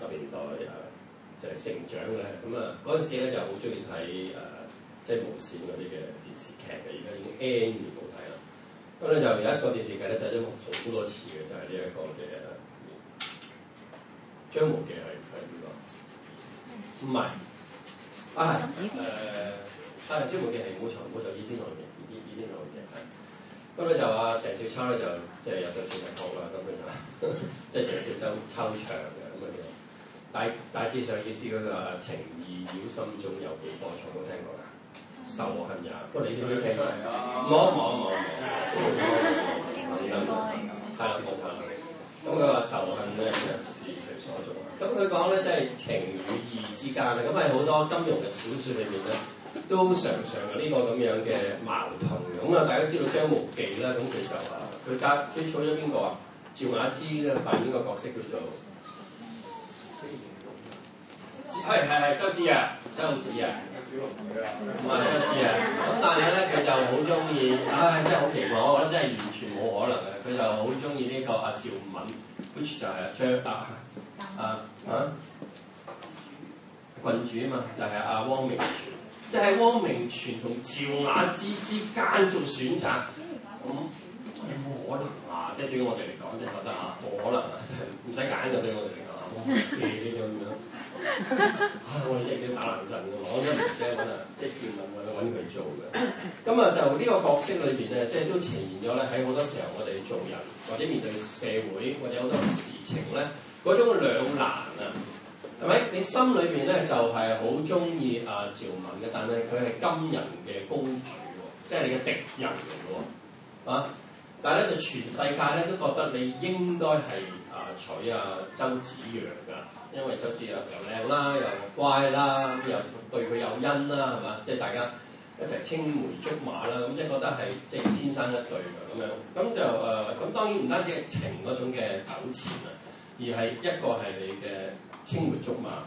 十年代啊，就係、是、成長咧。咁啊，嗰陣時咧就好中意睇誒，即係無線嗰啲嘅電視劇嘅。而家已經 N 年冇睇啦。咁咧就有一個電視劇咧，就睇咗好多次嘅，就係呢一個嘅張無忌係係邊個？唔 verses 係，啊係啊張無忌係冇錯，我就呢啲睇嘅，呢啲以前嘅。咁咧就啊鄭少秋咧就即係有再重複講啦。咁咧就即係鄭少秋主唱嘅咁嘅大大致上意思嗰個情義繞心中有幾多重，冇 聽過㗎？仇恨呀，不過你點聽㗎？冇冇冇，冇，係啦，仇咁佢話仇恨咧，又是誰所做？咁佢講咧，即係情與義之間咁喺好多金庸嘅小説裏面咧，都常常有呢個咁樣嘅矛盾。咁啊，大家知道張無忌啦，咁其實啊，佢家，追娶咗邊個啊？趙雅芝咧扮演個角色叫做。係係係周子啊，周子啊，小龍女啊，唔係周子啊。咁但係咧，佢就好中意，唉，真係好奇怪，我覺得真係完全冇可能嘅。佢就好中意呢個阿趙敏 which 就係阿張達，阿啊，啊，啊郡主嘛，就係、是、阿、啊、汪明荃，即、就、係、是、汪明荃同趙雅芝之間做選擇，咁、嗯、冇可能啊！即係對於我哋嚟講，即、就、係、是、覺得啊，冇可能啊，唔使揀嘅，對於我哋嚟講啊，明乜嘢咁樣。 啊！我一定要打冷震㗎，我都唔捨得啊！即係趙敏揾佢做㗎。咁、嗯、啊，就呢個角色裏邊咧，即係都呈現咗喺好多時候，我哋做人或者面對社會或者好多事情咧，嗰種兩難啊，係咪？你心裏邊咧就係好中意阿趙敏嘅，但係佢係金人嘅公主喎，即、就、係、是、你嘅敵人嚟㗎喎，啊！但係咧，就全世界咧都覺得你應該係啊娶阿、啊、周芷若㗎。因為首次又又靚啦，又乖啦，咁又對佢有恩啦，係嘛？即係大家一齊青梅竹馬啦，咁即係覺得係即係天生一對嘅咁樣。咁就誒，咁、呃、當然唔單止係情嗰種嘅糾纏啊，而係一個係你嘅青梅竹馬，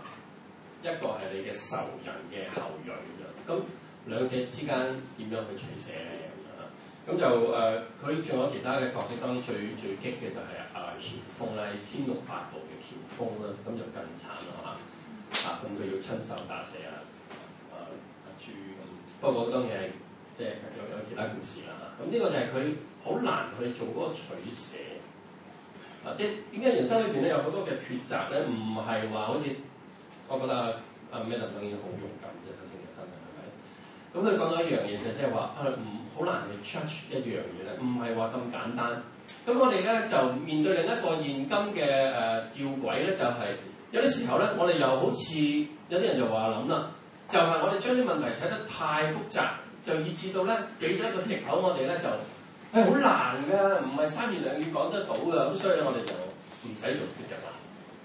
一個係你嘅仇人嘅後裔咁樣。咁兩者之間點樣去取捨嘅咁樣，咁就誒，佢、呃、仲有其他嘅角色，當然最最激嘅就係阿喬峰咧，天龍八部。風啦，咁就更慘啦啊，咁就要親手打死啊，啊啊豬咁。嗯嗯、不過當然係，即係有有其他故事啦。咁呢個就係佢好難去做嗰個取捨啊。即係點解人生裏邊咧有好多嘅抉擇咧，唔係話好似我覺得阿、啊啊、Madam 當、啊、然好勇敢啫，頭先嘅真係係咪？咁佢講到一樣嘢就即係話，啊唔好、啊、難去 judge 一樣嘢咧，唔係話咁簡單。咁我哋咧就面對另一個現今嘅誒吊詭咧，就係、是、有啲時候咧，我哋又好似有啲人就話諗啦，就係、是、我哋將啲問題睇得太複雜，就以至到咧俾咗一個藉口、哎，我哋咧就係好難㗎，唔係三言兩語講得到㗎，咁所以我哋就唔使做決定啦。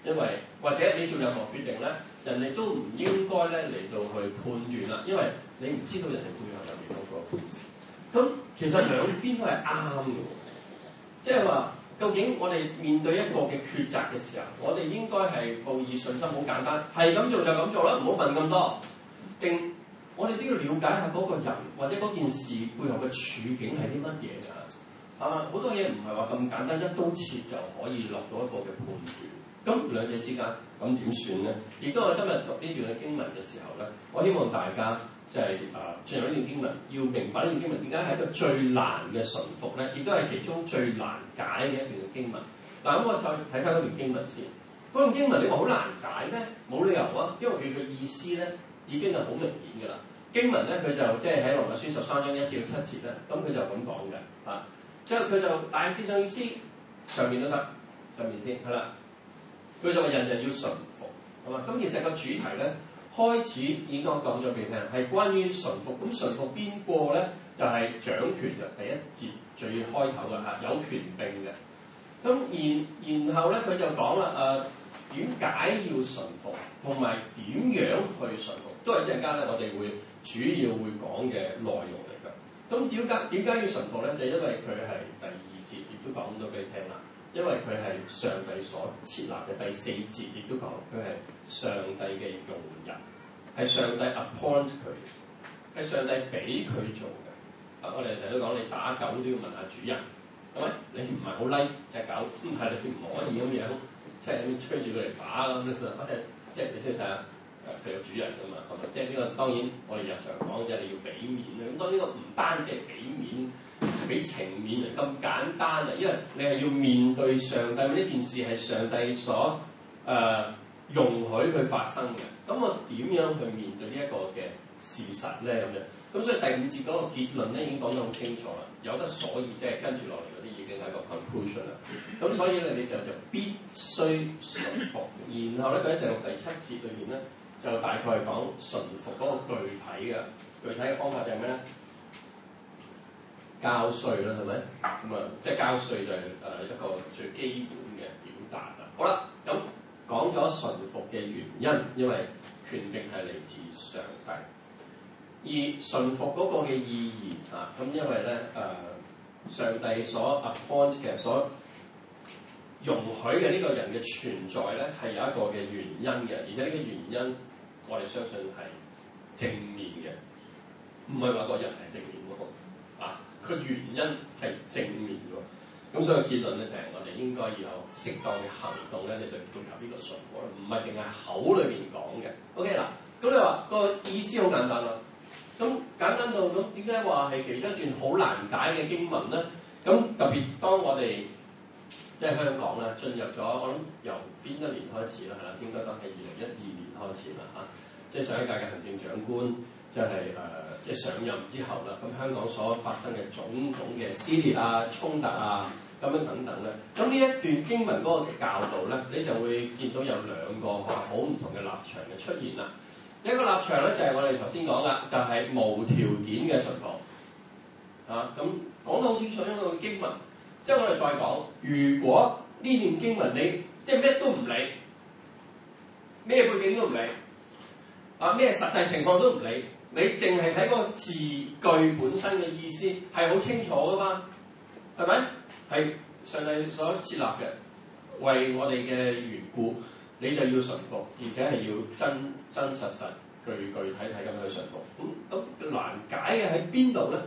因為或者你做任何決定咧，人哋都唔應該咧嚟到去判斷啦，因為你唔知道人哋背後有幾多個故事。咁其實兩邊都係啱㗎喎。即係話，究竟我哋面對一個嘅抉擇嘅時候，我哋應該係報以信心，好簡單，係咁做就咁做啦，唔好問咁多。正我哋都要了解下嗰個人或者嗰件事背後嘅處境係啲乜嘢㗎？啊，好多嘢唔係話咁簡單，一刀切就可以落到一個嘅判斷。咁兩者之間，咁點算咧？亦都係我今日讀呢段嘅經文嘅時候咧，我希望大家。即係誒，入緊、就是啊、段經文，要明白呢段經文點解係一個最難嘅順服咧，亦都係其中最難解嘅一段經文。嗱、啊，咁、嗯、我再睇翻嗰段經文先。嗰段經文你話好難解咩？冇理由啊，因為佢嘅意思咧已經係好明顯㗎啦。經文咧佢就即係喺《羅馬書》十三章一至到七節啦。咁、嗯、佢就咁講嘅啊。之後佢就大致上意思上面都得，上面先係啦。佢就話人人要順服，係嘛？咁其實個主題咧。開始已經我講咗俾你聽，係關於順服。咁順服邊個咧？就係、是、掌權就第一節最開頭嘅，嚇，有權柄嘅。咁然然後咧，佢就講啦誒，點、呃、解要順服，同埋點樣去順服，都係一陣間咧，我哋會主要會講嘅內容嚟㗎。咁點解點解要順服咧？就是、因為佢係第二節亦都講咗俾你聽啦。因為佢係上帝所設立嘅第四節，亦都講佢係上帝嘅用人，係上帝 appoint 佢，係上帝俾佢做嘅。啊，我哋成日都講你打狗都要問下主人，係咪？你唔係好 like 隻狗，但係你唔可以咁樣即係吹住佢嚟打咁樣。即係、啊、即係你都要睇下佢有主人㗎嘛，係咪？即係呢、這個當然我哋日常講即係你要俾面，咁多呢個唔單止係俾面。俾情面嚟咁簡單啊！因為你係要面對上帝，呢件事係上帝所誒、呃、容許佢發生嘅。咁我點樣去面對呢一個嘅事實咧？咁樣咁所以第五節嗰個結論咧已經講得好清楚啦。有得所以即係、就是、跟住落嚟嗰啲已經係個 conclusion 啦。咁所以咧你就就必須順服。然後咧喺第六第七節裏面咧就大概講順服嗰個具體嘅具體嘅方法就係咩咧？交稅啦，係咪？咁、嗯、啊，即係交稅就係、是、誒、呃、一個最基本嘅表達啦。好啦，咁講咗順服嘅原因，因為權柄係嚟自上帝。而順服個嘅意義啊，咁因為咧誒、呃、上帝所 appoint 嘅所容許嘅呢個人嘅存在咧，係有一個嘅原因嘅。而且呢個原因，我哋相信係正面嘅，唔係話個人係正面。個原因係正面喎，咁所以結論咧就係、是、我哋應該要有適當嘅行動咧，你去配合呢個信號，唔係淨係口裏面講嘅。OK 嗱，咁你話個意思好簡單啦、啊，咁簡單到咁點解話係其中一段好難解嘅經文咧？咁特別當我哋即係香港咧，進入咗我諗由邊一年開始咧？係啦，應該都係二零一二年開始啦，嚇、啊，即係上一屆嘅行政長官。就係誒，即係上任之後啦。咁香港所發生嘅種種嘅撕裂啊、衝突啊、咁樣等等咧。咁呢一段經文嗰個教導咧，你就會見到有兩個話好唔同嘅立場嘅出現啦。一個立場咧就係我哋頭先講噶，就係無條件嘅順從。啊，咁講得好清楚，因為經文。即係我哋再講，如果呢段經文你即係咩都唔理，咩背景都唔理，啊，咩實際情況都唔理。你淨係睇嗰個字句本身嘅意思係好清楚㗎嘛？係咪？係上帝所設立嘅，為我哋嘅緣故，你就要順服，而且係要真真實實、具具體體咁去順服。咁咁難解嘅喺邊度咧？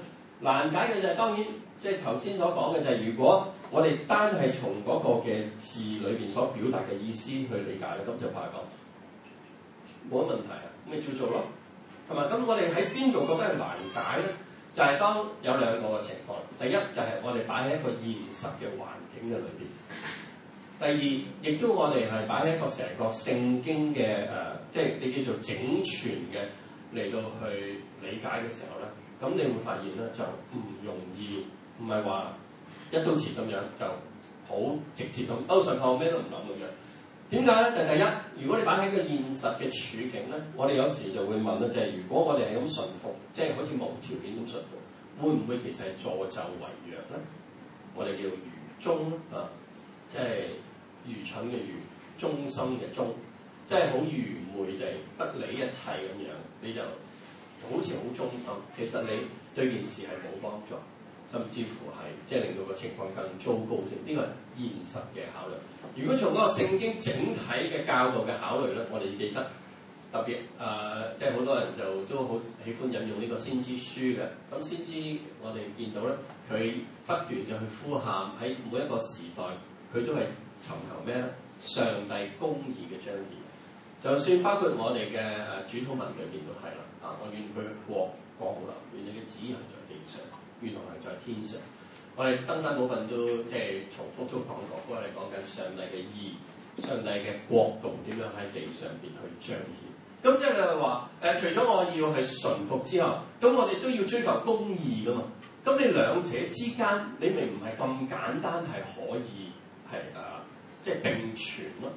難解嘅就係、是、當然，即係頭先所講嘅就係、是、如果我哋單係從嗰個嘅字裏邊所表達嘅意思去理解咧，咁就發覺冇乜問題啊，咁咪照做咯？咁，我哋喺邊度覺得係難解咧？就係、是、當有兩個嘅情況，第一就係我哋擺喺一個現實嘅環境嘅裏邊；第二，亦都我哋係擺喺一個成個聖經嘅誒、呃，即係你叫做整全嘅嚟到去理解嘅時候咧，咁你會發現咧就唔容易，唔係話一刀切咁樣就好直接咁。歐尚靠咩都唔諗咁樣。點解咧？就第一，如果你擺喺個現實嘅處境咧，我哋有時就會問咧，就係如果我哋係咁順服，即係好似無條件咁順服，會唔會其實係助紂為虐咧？我哋叫愚忠啊，即係愚蠢嘅愚，忠心嘅忠，即係好愚昧地不理一切咁樣，你就好似好忠心，其實你對件事係冇幫助。甚至乎係即係令到個情況更糟糕添，呢個係現實嘅考慮。如果從嗰個聖經整體嘅教導嘅考慮咧，我哋記得特別誒、呃，即係好多人就都好喜歡引用呢個先知書嘅，咁先知，我哋見到咧，佢不斷嘅去呼喊喺每一個時代，佢都係尋求咩咧？上帝公義嘅彰顯，就算包括我哋嘅誒主禱文裏面都係啦，啊我願佢國降臨，願你嘅旨意在地上。原來係在天上，我哋登山部分都即係重複都講過，嗰個係講緊上帝嘅意，上帝嘅國度點樣喺地上邊去彰顯。咁即係話誒，除咗我要係順服之後，咁我哋都要追求公義噶嘛。咁你兩者之間，你咪唔係咁簡單係可以係誒即係並存咯。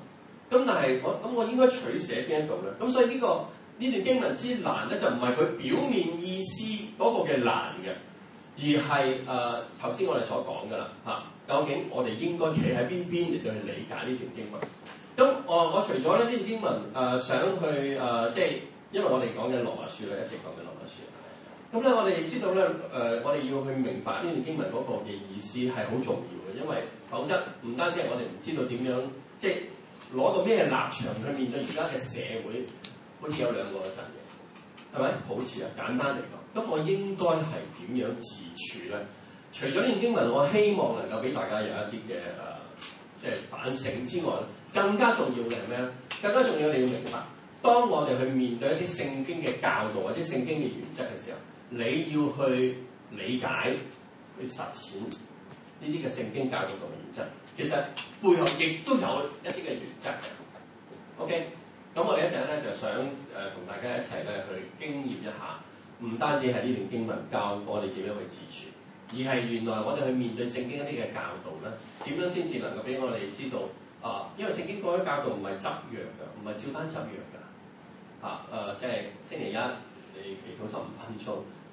咁但係我咁，我應該取捨邊一度咧？咁所以呢、呢個呢段經文之難咧，就唔係佢表面意思嗰個嘅難嘅。而係誒頭先我哋所講㗎啦嚇，究竟我哋應該企喺邊邊嚟到去理解呢段經文？咁、嗯、我我除咗呢段經文誒、呃，想去誒、呃、即係因為我哋講緊羅馬書啦，一直講緊羅馬書，咁、嗯、咧、嗯、我哋知道咧誒、呃，我哋要去明白呢段經文嗰個嘅意思係好重要嘅，因為否則唔單止係我哋唔知道點樣，即係攞到咩立場去面對而家嘅社會好似有兩個陣營，係咪？好似啊，簡單嚟講。咁我應該係點樣自處咧？除咗呢段經文，我希望能夠俾大家有一啲嘅誒，即係反省之外，更加重要嘅係咩咧？更加重要，你要明白，當我哋去面對一啲聖經嘅教導或者聖經嘅原則嘅時候，你要去理解、去實踐呢啲嘅聖經教導同埋原則。其實背後亦都有一啲嘅原則嘅。OK，咁我哋一陣咧就想誒同、呃、大家一齊咧去經驗一下。唔單止係呢段經文教過你點樣去自處，而係原來我哋去面對聖經一啲嘅教導咧，點樣先至能夠俾我哋知道啊？因為聖經嗰啲教導唔係執藥㗎，唔係照單執藥㗎嚇。誒、啊呃，即係星期一你祈禱十五分鐘，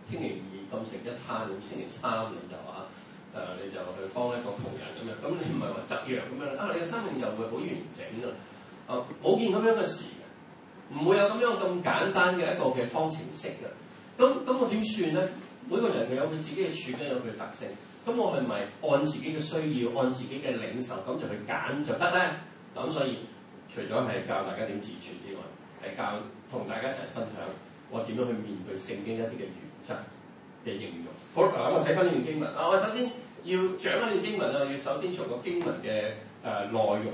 星期二咁食一餐，咁星期三你就啊誒、啊，你就去幫一個窮人咁樣。咁你唔係話執藥咁樣啊？你嘅生命就會好完整咯。啊，冇見咁樣嘅事嘅，唔會有咁樣咁簡單嘅一個嘅方程式㗎。咁咁我點算咧？每個人佢有佢自己嘅處都有佢嘅特性。咁我係咪按自己嘅需要，按自己嘅領受咁就去揀就得咧？嗱，咁所以，除咗係教大家點自處之外，係教同大家一齊分享我點樣去面對聖經一啲嘅原則嘅應用。好嗱，我睇翻呢段經文啊，我首先要掌握段經文啊，要首先從個經文嘅誒內容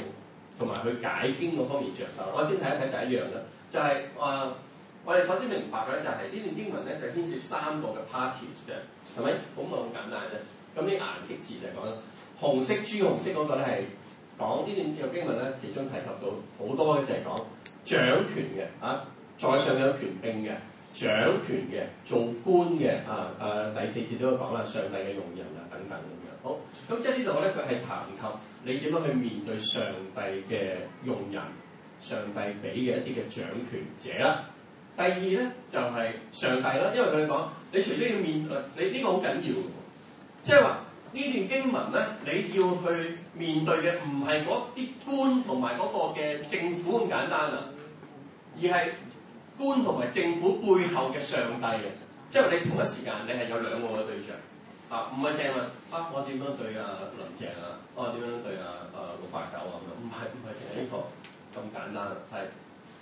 同埋佢解經嗰方面着手。我先睇一睇第一樣啦，就係、是、話。啊我哋首先明白嘅咧，就係呢段經文咧，就牽涉三個嘅 parties 嘅，係咪咁，好簡單咁啲顏色字就講啦，紅色、朱紅色嗰個咧，係講呢段有經文咧，其中提及到好多嘅，就係講掌權嘅啊，在上有權柄嘅掌權嘅做官嘅啊。誒、啊、第四節都講啦，上帝嘅用人啊等等咁樣。好咁，即係呢度咧，佢係談及你點樣去面對上帝嘅用人，上帝俾嘅一啲嘅掌權者啦。第二咧就係上帝啦，因為佢哋講，你除咗要面對，你呢個好緊要，即係話呢段經文咧，你要去面對嘅唔係嗰啲官同埋嗰個嘅政府咁簡單啦，而係官同埋政府背後嘅上帝嘅，即係你同一時間你係有兩個嘅對象，啊唔係淨係問啊，啊我點、啊啊啊啊、樣對啊林鄭啊，我點樣對啊啊六八九啊咁，唔係唔係淨係呢個咁簡單啦，係。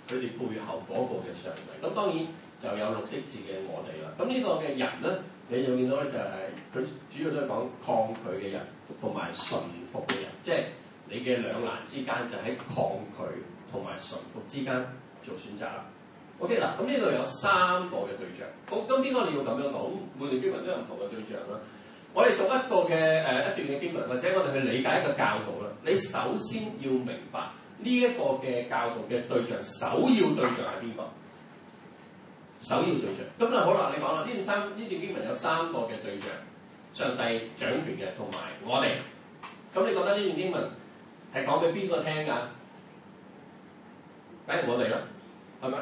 佢哋背後嗰個嘅上層，咁當然就有綠色字嘅我哋啦。咁呢個嘅人咧，你就見到咧、就是，就係佢主要都係講抗拒嘅人，同埋順服嘅人，即係你嘅兩難之間，就喺抗拒同埋順服之間做選擇啦。OK 嗱，咁呢度有三個嘅對象，咁邊個你要咁樣講？每段經文都有唔同嘅對象啦。我哋讀一個嘅誒、呃、一段嘅經文，或者我哋去理解一個教導啦。你首先要明白。呢一個嘅教導嘅對象，首要對象係邊個？首要對象咁啊，好啦，你講啦，呢段三呢段經文有三個嘅對象，上帝掌權嘅同埋我哋。咁你覺得呢段經文係講俾邊個聽㗎？誒我哋啦，係咪？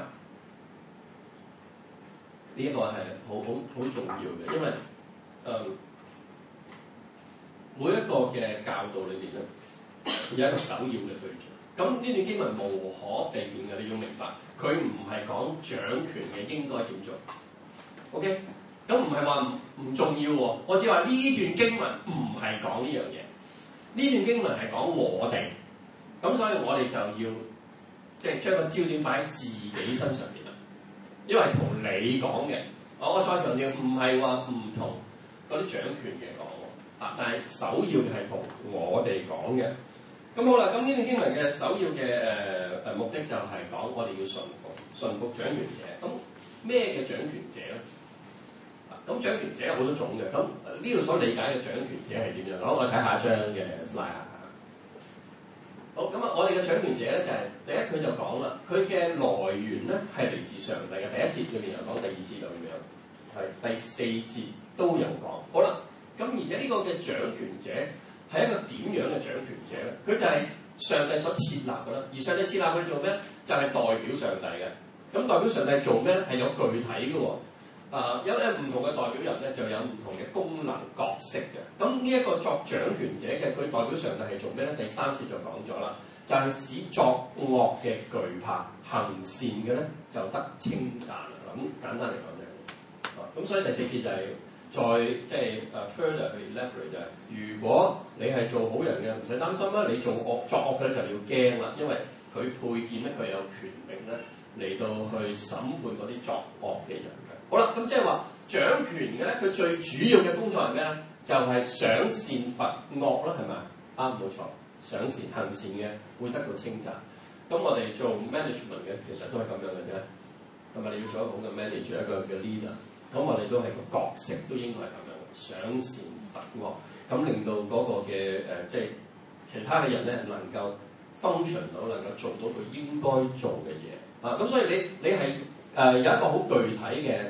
呢一個係好好好重要嘅，因為誒、嗯、每一個嘅教導裏邊咧，有一個首要嘅對象。咁呢段經文無可避免嘅，你要明白，佢唔係講掌權嘅應該點做，OK？咁唔係話唔重要喎，我只係話呢段經文唔係講呢樣嘢，呢段經文係講我哋，咁所以我哋就要即係將個焦點擺喺自己身上邊啦。因為同你講嘅，我我再強調，唔係話唔同嗰啲掌權嘅講喎，啊，但係首要係同我哋講嘅。咁好啦，咁呢段經文嘅首要嘅誒誒目的就係講我哋要順服，順服掌權者。咁咩嘅掌權者咧？咁掌權者有好多種嘅。咁呢度所理解嘅掌權者係點樣？好，我哋睇下、就是、一張嘅 slide 啊。好，咁啊，我哋嘅掌權者咧就係第一，佢就講啦，佢嘅來源咧係嚟自上帝嘅。第一節入邊又講，第二節就咁樣，係第四節都有講。好啦，咁而且呢個嘅掌權者。係一個點樣嘅掌權者咧？佢就係上帝所設立㗎喇，而上帝設立佢做咩？就係、是、代表上帝嘅。咁代表上帝做咩咧？係有具體嘅喎。啊、呃，有有唔同嘅代表人咧，就有唔同嘅功能角色嘅。咁呢一個作掌權者嘅，佢代表上帝係做咩咧？第三節就講咗啦，就係、是、使作惡嘅懼怕，行善嘅咧就得稱讚。咁簡單嚟講啫。咁所以第四節就係、是。再即係誒 further 去 leverage。如果你係做好人嘅，唔使擔心啦。你做惡作惡嘅咧就要驚啦，因為佢配劍咧，佢有權柄咧嚟到去審判嗰啲作惡嘅人嘅。好啦，咁即係話掌權嘅咧，佢最主要嘅工作係咩咧？就係、是、賞善罰惡啦，係咪？啊，冇錯，賞善行善嘅會得到稱讚。咁我哋做 management 嘅其實都係咁樣嘅啫，同埋你要做好嘅 manager 一個叫 leader。咁我哋都係個角色，都應該係咁樣，賞善罰惡，咁、哦、令到嗰個嘅誒、呃，即係其他嘅人咧，能夠 function 到，能夠做到佢應該做嘅嘢啊。咁所以你你係誒、呃、有一個好具體嘅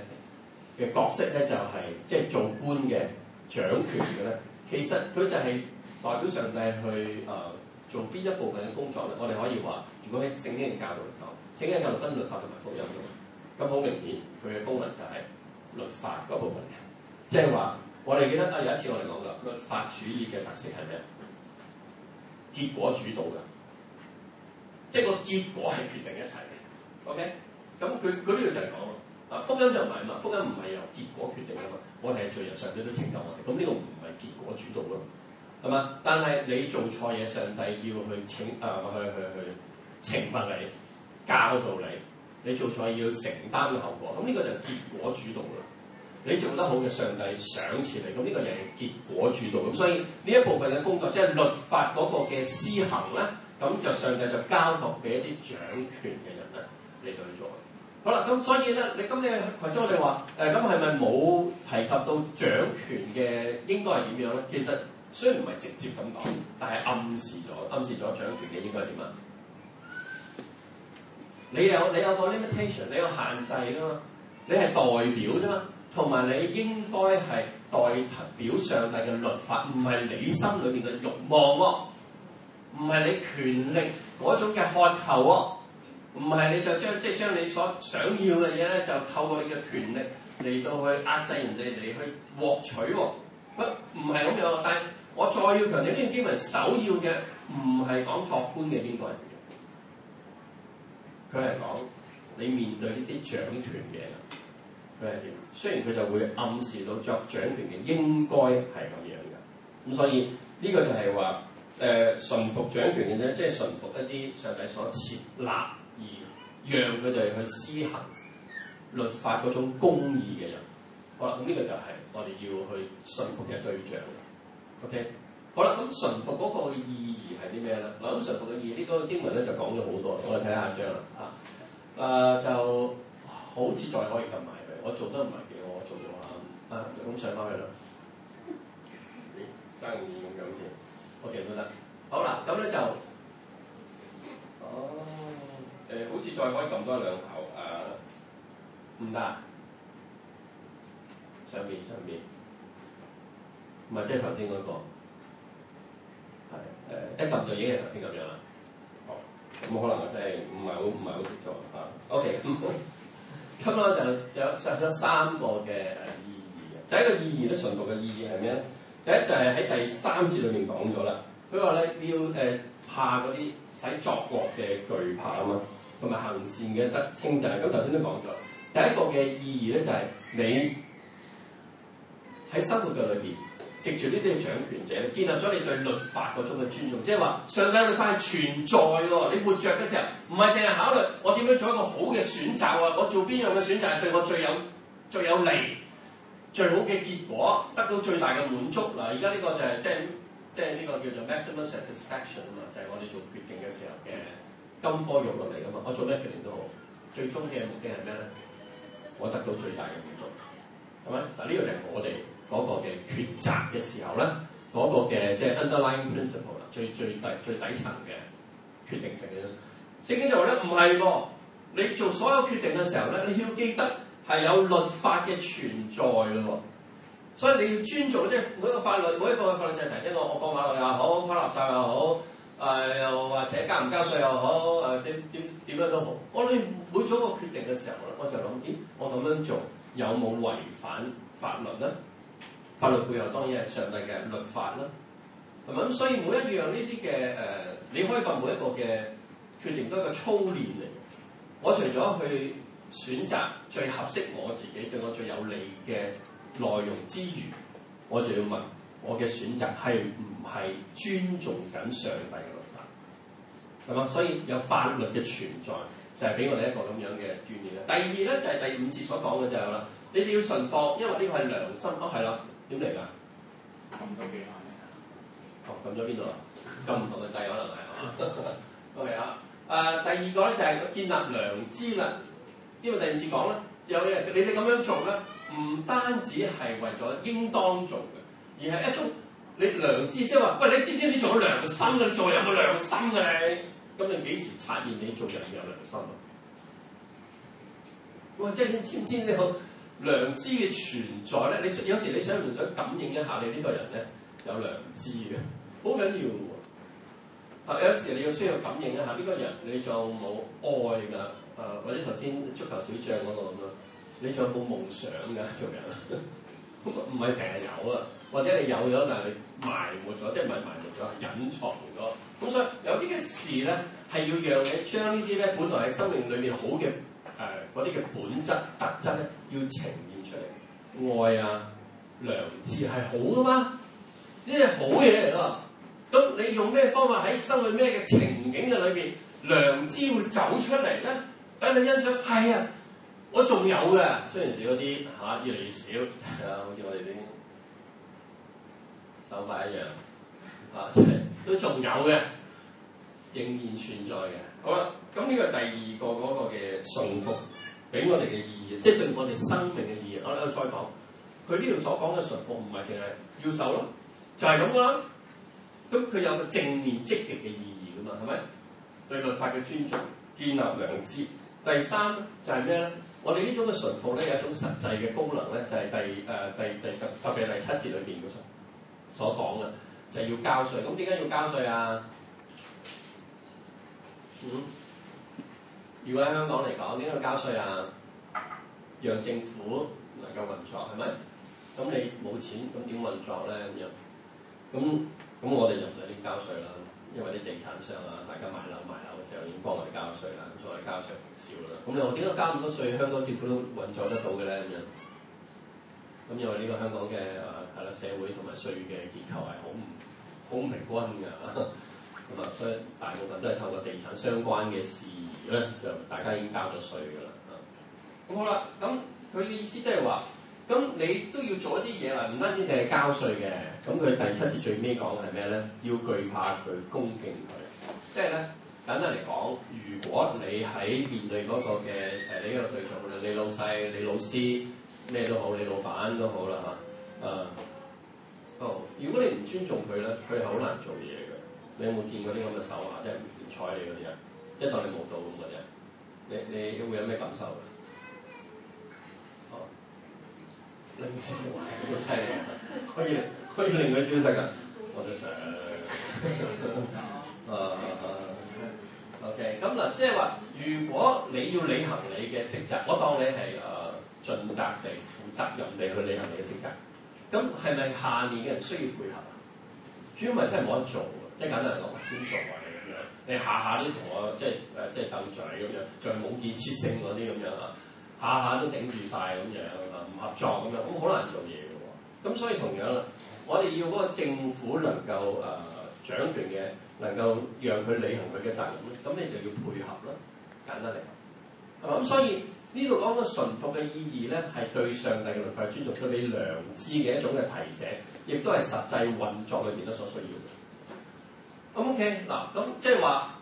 嘅角色咧，就係、是、即係做官嘅掌權嘅咧。其實佢就係代表上帝去誒、呃、做邊一部分嘅工作咧。我哋可以話，如果喺聖經教導嚟講，聖經教導分律法同埋福音嘅，咁好明顯佢嘅功能就係、是。律法部分嘅，即係話，我哋記得啊，有一次我哋講噶，律法主義嘅特色係咩？結果主導噶，即係個結果係決定一切嘅。OK，咁佢佢呢個就係講啊，福音就唔係咁啊，福音唔係由結果決定嘛，我哋係罪人上帝都拯救我哋，咁呢個唔係結果主導咯，係嘛？但係你做錯嘢，上帝要去請啊、呃、去去去懲罰你、教導你，你做錯嘢要承擔嘅後果，咁呢個就係結果主導咯。你做得好嘅，上帝賞賜嚟。咁、這、呢個又係結果主導。咁所以呢一部分嘅工作，即係律法嗰個嘅施行咧，咁就上帝就交託俾一啲掌權嘅人咧嚟到去做。好啦，咁所以咧，你今日頭先我哋話，誒咁係咪冇提及到掌權嘅應該係點樣咧？其實雖然唔係直接咁講，但係暗示咗，暗示咗掌權嘅應該係點啊？你有你有個 limitation，你有限制㗎嘛？你係代表啫嘛？同埋你應該係代表上帝嘅律法，唔係你心裏邊嘅慾望喎、啊，唔係你權力嗰種嘅渴求喎，唔係你就將即係將你所想要嘅嘢咧，就透過你嘅權力嚟到去壓制人哋嚟去獲取喎、啊，噉唔係咁樣。但係我再要強調呢段經文首要嘅唔係講作官嘅邊個人，佢係講你面對呢啲掌權嘅。雖然佢就會暗示到，作掌權嘅應該係咁樣嘅，咁所以呢、這個就係話誒順服掌權嘅啫，即係順服一啲上帝所設立而讓佢哋去施行律法嗰種公義嘅人。好啦，咁、嗯、呢、這個就係我哋要去順服嘅對象。O.K. 好啦，咁、嗯、順服嗰個意義係啲咩咧？我諗順服嘅意義呢、這個英文咧就講咗好多，我哋睇下一張啦。嚇、啊、誒，就好似再可以撳埋。我做得唔係幾好，我做到啊，咁上翻去啦。咦？爭議咁樣先，似，OK 都得。好啦，咁咧就，哦，呃、好似再開咁多兩頭，誒，唔得啊？行上邊上邊，唔係即係頭先嗰個，係、啊呃、一撳就已經係頭先咁樣啦。好、啊，咁可能我真係唔係好唔係好識做啊。OK、嗯。 咁咧就就有實質三個嘅意義嘅。第一個意義咧，順服嘅意義係咩咧？第一就係、是、喺第三節裏邊講咗啦。佢話咧，你要誒、呃、怕嗰啲使作惡嘅懼怕啊嘛，同埋行善嘅得稱讚。咁頭先都講咗。第一個嘅意義咧，就係、是、你喺生活嘅裏邊。藉住呢啲係掌權者建立咗你對律法嗰種嘅尊重，即係話上帝律法係存在喎，你活着嘅時候唔係淨係考慮我點樣做一個好嘅選擇啊，我做邊樣嘅選擇係對我最有最有利、最好嘅結果，得到最大嘅滿足。嗱，而家呢個就係即係即係呢個叫做 maximum satisfaction 啊嘛，就係我哋做決定嘅時候嘅金科玉律嚟噶嘛。我做咩決定都好，最終嘅目的係咩咧？我得到最大嘅滿足係咪？嗱，呢個就係我哋。嗰個嘅抉擇嘅時候咧，嗰、那個嘅即係 underlying principle 啦，最最低最底層嘅決定性嘅。聖經就話咧，唔係喎，你做所有決定嘅時候咧，你要記得係有律法嘅存在嘅喎，所以你要尊重，即係每一個法律，每一個法律，個法律就係提醒我，我過馬路又好，拋垃圾又好，誒、呃、又或者交唔交稅又好，誒點點點樣都好。我哋每做一個決定嘅時候咧，我就諗咦，我咁樣做有冇違反法律咧？法律背後當然係上帝嘅律法啦，係咪咁？所以每一樣呢啲嘅誒，你可以講每一個嘅決定都係個操練嚟。我除咗去選擇最合適我自己、對我最有利嘅內容之餘，我就要問我嘅選擇係唔係尊重緊上帝嘅律法，係咪？所以有法律嘅存在就係、是、俾我哋一個咁樣嘅鍛鍊啦。第二咧就係、是、第五節所講嘅就係、是、啦，你哋要順服，因為呢個係良心。啊，係啦。點嚟㗎？撳到幾下嚟啊？哦，撳咗邊度啊？撳唔同嘅掣可能係啊。OK 啊。誒，第二個咧就係建立良知啦。因為第二次講咧，有嘢你哋咁樣做咧，唔單止係為咗應當做嘅，而係一種你良知，即係話，喂，你知唔知你做，良心你做有，有良心嘅？做人有冇良心㗎？你咁你幾時察驗你做人有良心啊？我真係黐線佬。良知嘅存在咧，你有時你想唔想感應一下你呢個人咧有良知嘅？好緊要啊，有時你要需要感應一下呢個人，你就冇愛㗎。啊，或者頭先足球小將嗰個咁啊，你就冇夢想㗎做人。呵呵，不過唔係成日有啊，或者你有咗，但係你埋沒咗，即係唔係埋沒咗，隱藏咗。咁所以有啲嘅事咧，係要讓你將呢啲咧，本來喺生命裏面好嘅。誒嗰啲嘅本質特質咧，要呈現出嚟，愛啊、良知係好噶嘛，呢啲係好嘢嚟啊。咁你用咩方法喺生喺咩嘅情景嘅裏邊，良知會走出嚟咧？等你欣賞，係、哎、啊，我仲有嘅，雖然少啲嚇，越嚟越少，係啊，好似我哋啲手法一樣，嚇、啊，都仲有嘅，仍然存在嘅，好啦。咁呢個係第二個嗰、嗰個嘅順服俾我哋嘅意義，即係對我哋生命嘅意義。我我再講，佢呢度所講嘅順服唔係淨係要受咯，就係咁啦。咁佢有個正面積極嘅意義噶嘛，係咪對律法嘅尊重、建立良知？第三就係咩咧？我哋呢種嘅順服咧有一種實際嘅功能咧，就係、是、第誒、呃、第第特特別係第七節裏邊嘅所所講嘅，就係、要交稅。咁點解要交稅啊？嗯。如果喺香港嚟講，點解要交稅啊？讓政府能夠運作係咪？咁你冇錢，咁點運作咧咁樣？咁咁我哋就唔使點交稅啦，因為啲地產商啊，大家買樓賣樓嘅時候已經幫我哋交稅啦，咁所以交稅少啦。咁你話點解交咁多稅，香港政府都運作得到嘅咧咁樣？咁因為呢個香港嘅係啦社會同埋稅嘅結構係好唔好唔平均㗎。咁啊，所以大部分都係透過地產相關嘅事宜咧，就大家已經交咗稅㗎啦。啊、嗯，咁好啦，咁佢嘅意思即係話，咁你都要做一啲嘢啦，唔單止淨係交稅嘅。咁佢第七節最尾講係咩咧？要懼怕佢，恭敬佢。即係咧，簡單嚟講，如果你喺面對嗰個嘅誒、呃、你一個對象，無論你老細你老師咩都好，你老闆都好啦吓誒，哦，如果你唔尊重佢咧，佢係好難做嘢嘅。你有冇見過啲咁嘅手下，即係唔睬你嗰啲人，即係當你冇到咁嘅啫？你你會有咩感受㗎？哦，零四維咁悽啊！區零區零佢消息啊！我都想、 啊、OK，咁嗱，即係話，如果你要履行你嘅職責，我當你係誒盡責地、負責任地去履行你嘅職責，咁係咪下面嘅人需要配合啊？主要問題都係冇得做。即係簡單嚟講，好傻嘅咁樣，你下下都同我即係誒，即係鬥嘴咁樣，就冇建設性嗰啲咁樣啊。下下都頂住晒咁樣啊，唔合作咁樣，咁好難做嘢嘅喎。咁所以同樣啦，我哋要嗰個政府能夠誒、呃、掌權嘅，能夠讓佢履行佢嘅責任咧，咁你就要配合啦。簡單嚟講，係嘛？咁，所以呢度講嘅順服嘅意義咧，係對上帝嘅律法尊重出啲良知嘅一種嘅提醒，亦都係實際運作裏面所需要。咁 OK，嗱，咁即係話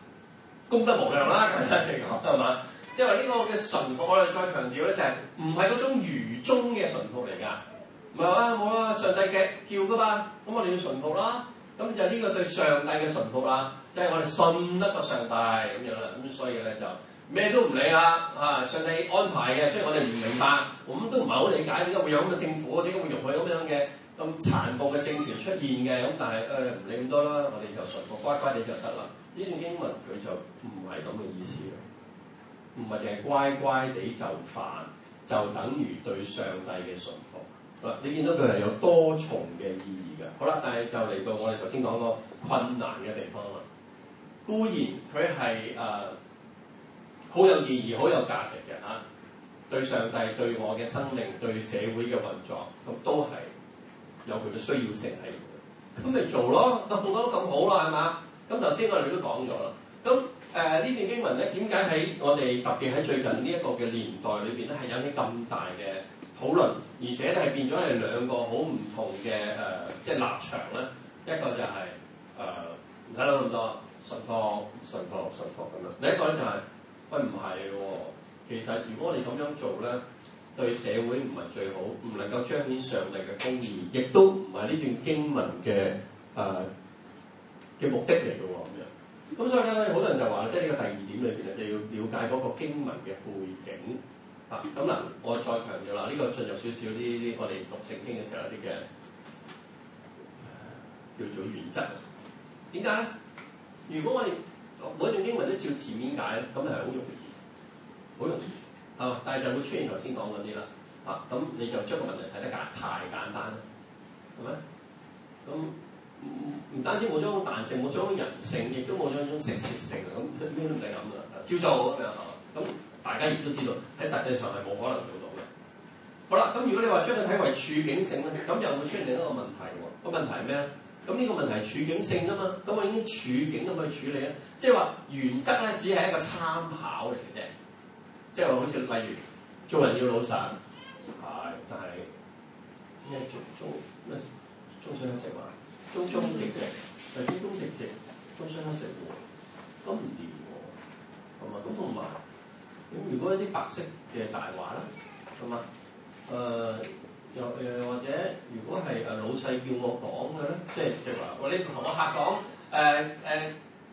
功德無量啦，簡單嚟講，係嘛？即係話呢個嘅順服，我哋再強調咧，就係唔係嗰種愚忠嘅順服嚟㗎，唔係話啊冇啊，上帝嘅叫㗎嘛，咁我哋要順服啦，咁就呢個對上帝嘅順服啦，就係、是、我哋信得過上帝咁樣啦，咁所以咧就咩都唔理啦，啊，上帝安排嘅，所以我哋唔明白，咁都唔係好理解點解會有咁嘅政府，點解會容許咁樣嘅。咁殘暴嘅政權出現嘅，咁，但係誒唔理咁多啦，我哋就順服乖乖哋就得啦。呢段經文佢就唔係咁嘅意思，唔係淨係乖乖哋就犯，就等於對上帝嘅順服。嗱，你見到佢係有多重嘅意義嘅。好啦，但係就嚟到我哋頭先講個困難嘅地方啦。固然佢係誒好有意義、好有價值嘅嚇、啊，對上帝、對我嘅生命、對社會嘅運作咁、啊、都係。有佢嘅需要性喺度，咁咪做咯。咁講得咁好啦，係嘛？咁頭先我哋都講咗啦。咁誒呢段經文咧，點解喺我哋特別喺最近呢一個嘅年代裏邊咧，係引起咁大嘅討論，而且係變咗係兩個好唔同嘅誒、呃，即係立場咧。一個就係誒唔使諗咁多，順服，順服，順服咁樣。另一個咧就係、是、喂，唔係喎。其實如果我哋咁樣做咧。對社會唔係最好，唔能夠彰顯上帝嘅公義，亦都唔係呢段經文嘅誒嘅目的嚟嘅喎咁樣。咁所以咧，好多人就話即係呢個第二點裏邊咧，就要了解嗰個經文嘅背景。嚇咁嗱，我再強調嗱，呢、這個進入少少啲我哋讀聖經嘅時候一啲嘅、呃、叫做原則。點解咧？如果我哋每一段經文都照字面解咧，咁係好容易，好容易。但係就會出現頭先講嗰啲啦，啊咁你就將個問題睇得太簡單啦，係咪？咁唔唔單止冇將個彈性，冇將人性，亦都冇將嗰種實質性，咁咩都唔係咁啊？照做。咁大家亦都知道喺實際上係冇可能做到嘅。好啦，咁如果你話將佢睇為處境性咧，咁又會出現另一個問題喎。問題，個問題係咩？咁呢個問題係處境性啊嘛，咁我已經處境咁去處理咧，即係話原則咧只係一個參考嚟嘅啫。即係話好似例如做人要老實，係，但係咩忠忠咩終須乞食話，忠忠直忠直，就啲忠直忠直，終須乞食喎，都唔掂喎，同埋咁同埋，咁如果一啲白色嘅大話啦，咁啊，誒又誒或者如果係誒老細叫我講嘅咧，即係即係話，我呢度同我客講，誒、呃、誒、呃、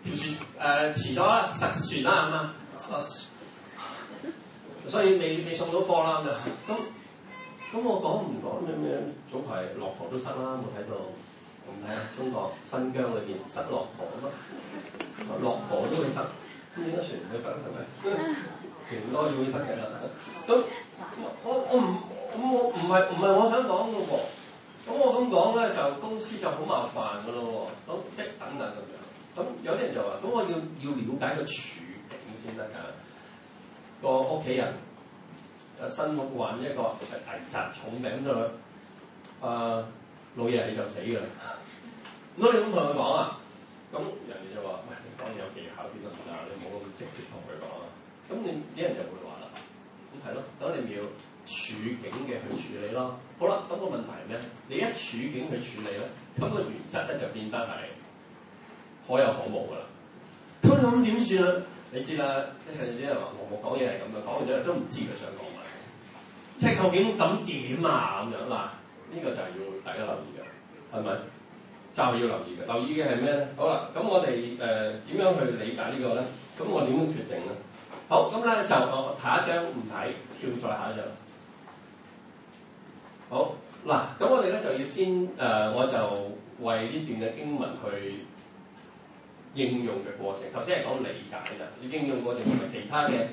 條船誒遲咗啦，失船啦，係嘛？所以未未送到貨啦，咁咁我講唔講咩咩？早排駱駝都塞啦，冇睇到。我睇下中國新疆裏邊塞駱駝啊嘛，駱、嗯、駝都會塞，咁點解船唔、嗯、 會塞咧？係咪船都要塞嘅啦？咁我我唔我唔係唔係我想講嘅喎。咁、嗯、我咁講咧就公司就好麻煩嘅咯喎，嗯、一等一等咁樣。咁有啲人就話：咁我要要了解個處境先得㗎。個屋企人啊，辛苦揾一個，一個危疾重病嘅女，啊、呃、老爺你就死㗎啦！咁 你咁同佢講啊，咁人哋就話：喂，你講有技巧啲得唔得啊，你冇咁直接同佢講啦。咁你啲人就會話啦，咁係咯，咁你咪要處境嘅去處理咯。好啦，咁、那個問題係咩？你一處境去處理咧，咁、那個原則咧就變得係可有可無㗎啦。咁你咁點算咧？你知啦，即係即係話，我冇講嘢係咁嘅，講完咗都唔知佢想講乜，即係究竟咁點啊？咁樣啦，呢個就係要大家留意嘅，係咪？就係、是、要留意嘅，留意嘅係咩咧？好啦，咁我哋誒點樣去理解個呢個咧？咁我點樣決定咧？好，咁咧就我睇一張唔睇，跳再下一張。好嗱，咁我哋咧就要先誒、呃，我就為呢段嘅經文去。應用嘅過程，頭先係講理解啦。你應用過程同埋其他嘅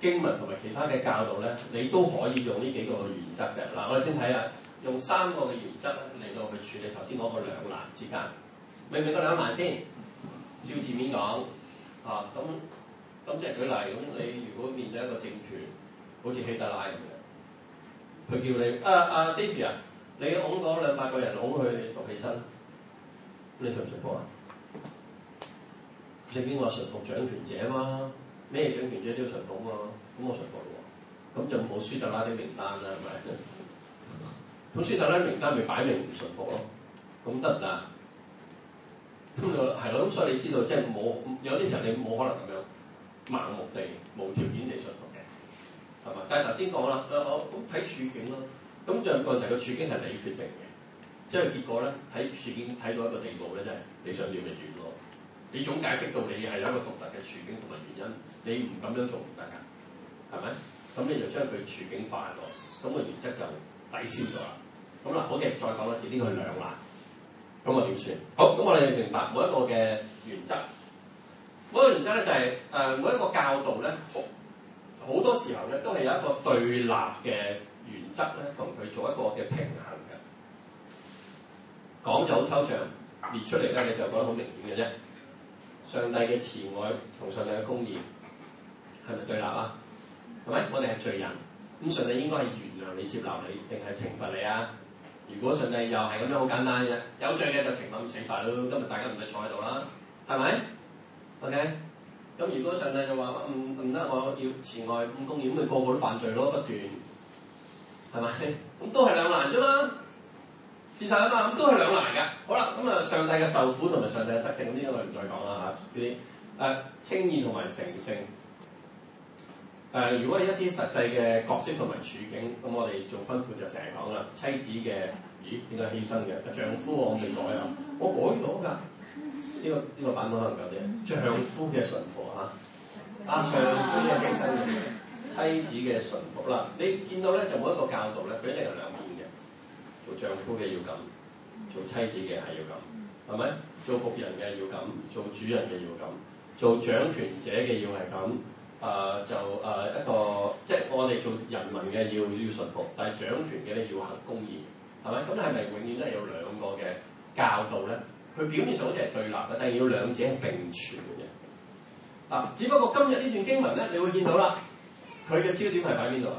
經文同埋其他嘅教導咧，你都可以用呢幾個原則嘅。嗱，我哋先睇下，用三個嘅原則嚟到去處理頭先嗰個兩難之間。明唔明嗰兩難先？照前面講啊，咁咁即係舉例。咁你如果面對一個政權，好似希特拉咁嘅，佢叫你啊啊 David 啊，啊 David，你哄嗰兩百個人哄去毒氣室，你做唔做啊？正經話順服掌權者嘛？咩掌權者都要順服嘛、啊。咁我順服喎，咁就冇舒特拉啲名單啦，係咪？咁舒特拉名單，咪擺明唔順服咯？咁得唔得？咁、嗯、就係咯，咁所以你知道，即係冇有啲時候你冇可能咁樣盲目地無條件地順服嘅，係嘛？但係頭先講啦，我咁睇處境咯。咁第二個問題處境係你決定嘅，即係結果咧，睇處境睇到一個地步咧，就係你想遠咪遠咯。你總解釋到你係有一個獨特嘅處境同埋原因，你唔咁樣做唔得噶，係咪？咁你就將佢處境化落，咁個原則就抵消咗啦。咁嗱，好嘅，再講一次，呢、這個係兩難，咁啊點算？好，咁我哋明白每一個嘅原則，每一個原則咧就係、是、誒、呃、每一個教導咧，好好多時候咧都係有一個對立嘅原則咧，同佢做一個嘅平衡嘅。講就好抽象，列出嚟咧你就覺得好明顯嘅啫。上帝嘅慈愛同上帝嘅公義係咪對立啊？係咪？我哋係罪人，咁上帝應該係原諒你、接納你，定係懲罰你啊？如果上帝又係咁樣好簡單嘅，有罪嘅就懲罰唔死晒咯，今日大家唔使坐喺度啦，係咪？OK，咁如果上帝就話唔唔得，我要慈愛唔公義，咁你個個都犯罪咯，不斷係咪？咁都係兩難啫嘛。事實啊嘛，咁都係兩難㗎。好啦，咁啊，上帝嘅受苦同埋上帝嘅得勝，呢啲我唔再講啦嚇。呢啲誒清潔同埋誠性。誒、呃呃，如果係一啲實際嘅角色同埋處境，咁我哋做吩咐就成日講啦。妻子嘅，咦？點解犧牲嘅？丈夫我未改啊，我、哦、改到㗎。呢、這個呢、這個版本可能有啲，丈夫嘅順服嚇。阿丈夫嘅犧牲，妻子嘅順服啦、啊。你見到咧就冇一個教導咧，俾你兩兩。做丈夫嘅要咁，做妻子嘅係要咁，係咪？做僕人嘅要咁，做主人嘅要咁，做掌權者嘅要係咁。啊、呃，就啊、呃、一個，即係我哋做人民嘅要要順服，但係掌權嘅咧要行公義，係咪？咁係咪永遠都有兩個嘅教導咧？佢表面上好似係對立嘅，但係要兩者係並存嘅。嗱、啊，只不過今日呢段經文咧，你會見到啦，佢嘅焦點係喺邊度啊？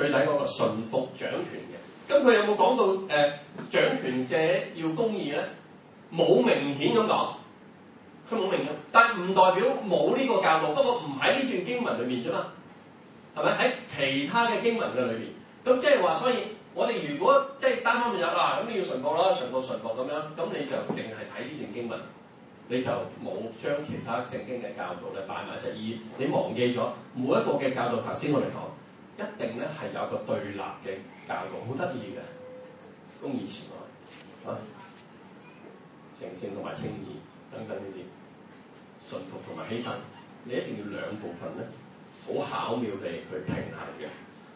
佢睇嗰個順服掌權嘅，咁佢有冇講到誒、呃、掌權者要公義咧？冇明顯咁講，佢冇明嘅。但唔代表冇呢個教導，不過唔喺呢段經文裏面啫嘛，係咪喺其他嘅經文嘅裏面？咁即係話，所以我哋如果即係單方面入啊，咁你要順服咯，順服順服咁樣，咁你就淨係睇呢段經文，你就冇將其他聖經嘅教導咧擺埋一齊。而你忘記咗每一個嘅教導。頭先我哋講。一定咧係有一個對立嘅教導，好得意嘅。公義前愛嚇，誠信同埋清義等等呢啲，信服同埋犧牲，你一定要兩部分咧，好巧妙地去平衡嘅。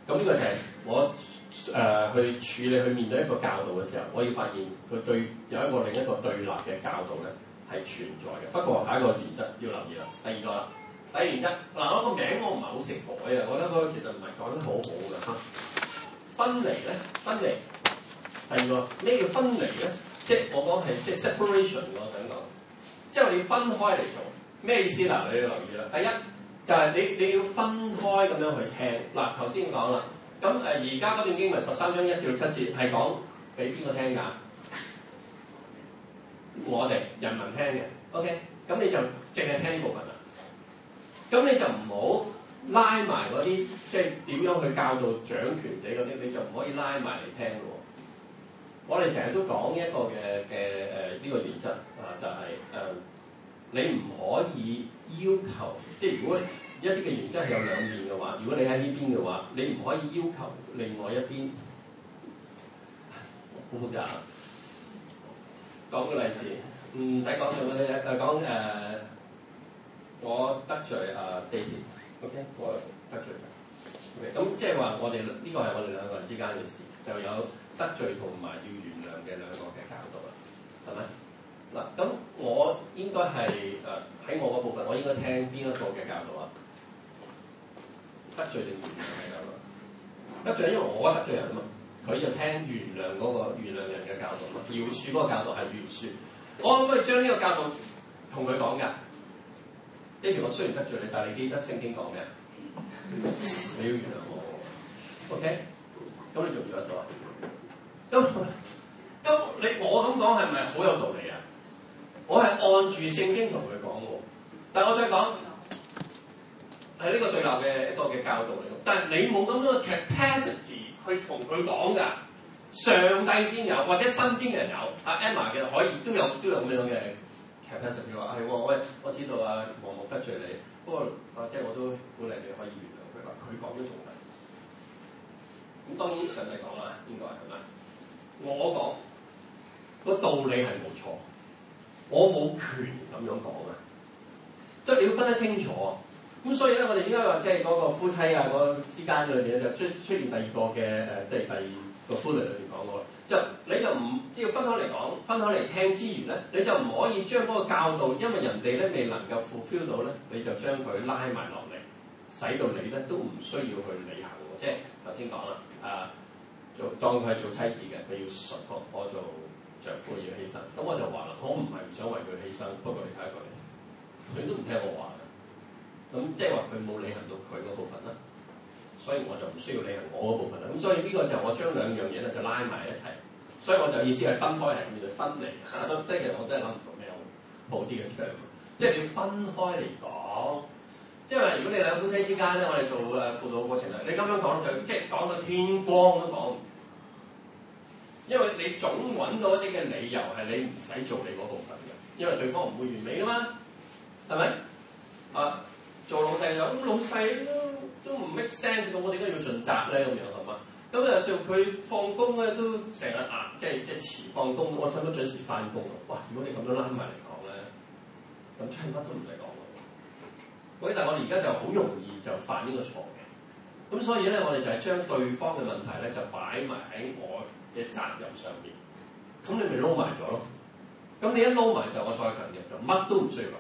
咁呢個就係我誒、呃、去處理去面對一個教導嘅時候，我要發現佢對有一個另一個對立嘅教導咧係存在嘅。不過下一個原則要留意啦，第二個啦。第一，嗱、那、我個名我唔係好識改啊，我覺得佢其實唔係講得好好嘅。吓，分離咧，分離，第二個，咩叫分離咧？即、就、係、是、我講係即係 separation，我想講，即係你分開嚟做，咩意思？嗱、嗯，你要留意啦。第一，就係、是、你你要分開咁樣去聽，嗱，頭先講啦，咁誒而家嗰段經文十三章一至到七節係講俾邊個聽㗎？我哋人民聽嘅，OK？咁你就淨係聽呢部分啦。咁你就唔好拉埋嗰啲，即係點樣去教導掌權者嗰啲，你就唔可以拉埋嚟聽嘅喎。我哋成日都講一個嘅嘅誒呢個原則啊，就係、是、誒、呃、你唔可以要求，即係如果一啲嘅原則係有兩面嘅話，如果你喺呢邊嘅話，你唔可以要求另外一邊。好複雜啊！講個例子，唔使講咁多嘢，誒講誒。呃我得罪啊，David，OK，我得罪嘅，咁即係話我哋呢、這個係我哋兩個人之間嘅事，就有得罪同埋要原諒嘅兩個嘅教導啦，係咪？嗱，咁我應該係誒喺我個部分，我應該聽邊一個嘅教導啊？得罪定原諒嘅教導？得罪，因為我得罪人啊嘛，佢就聽原諒嗰個原諒人嘅教導咯。饒恕嗰、哦、個教導係饒恕，我可唔可以將呢個教導同佢講噶？既然我雖然得罪你，但你記得聖經講咩啊？你要原諒我，OK？咁你做唔做得到啊？咁咁你我咁講係咪好有道理啊？我係按住聖經同佢講嘅，但係我再講係呢個對立嘅一個嘅教導嚟。但係你冇咁多嘅 capacity 去同佢講㗎，上帝先有，或者身邊人有。阿 Emma 嘅可以都有都有咁樣嘅。其實話係喎，喂、哦，我知道啊，黃木得罪你，不過即係我都鼓勵你可以原諒佢啦，佢講咗做緊。咁當然順例講啦，應該係咁樣？我講個道理係冇錯，我冇權咁樣講嘅，即係你要分得清楚。咁所以咧，我哋應該話即係嗰個夫妻啊，嗰個之間裏邊咧就出出現第二個嘅誒，即、呃、係第二個夫婦裏邊講過啦，就是、你就唔。即係分開嚟講，分開嚟聽之餘咧，你就唔可以將嗰個教導，因為人哋咧未能夠 fulfill 到咧，你就將佢拉埋落嚟，使到你咧都唔需要去履行喎。即係頭先講啦，啊做當佢係做妻子嘅，佢要順服，我做丈夫要犧牲，咁我就話啦，我唔係唔想為佢犧牲，不過你睇下佢，佢都唔聽我話嘅，咁即係話佢冇履行到佢嗰部分啦，所以我就唔需要履行我嗰部分啦。咁所以呢個就我將兩樣嘢咧就拉埋一齊。所以我就意思係分開嚟咁樣分離吓，即係我真係諗唔到咩好好啲嘅出嚟喎。即係你分開嚟講，即係話如果你兩夫妻之間咧，我哋做誒輔導過程啊，你咁樣講就即係講到天光都講唔，因為你總揾到一啲嘅理由係你唔使做你部分嘅，因為對方唔會完美噶嘛，係咪啊？做老細就咁老細咯，都唔 make sense 到我哋都要盡責咧咁樣係嘛？咁就照佢放工咧都成日晏，即係即遲放工。我差唔多準時返工啊？哇！如果你咁樣拉埋嚟講咧，咁真係乜都唔使講嘅喎。但係我哋而家就好容易就犯呢個錯嘅。咁所以咧，我哋就係將對方嘅問題咧就擺埋喺我嘅責任上面。咁你咪撈埋咗咯。咁你一撈埋就我再強調就乜都唔需要講。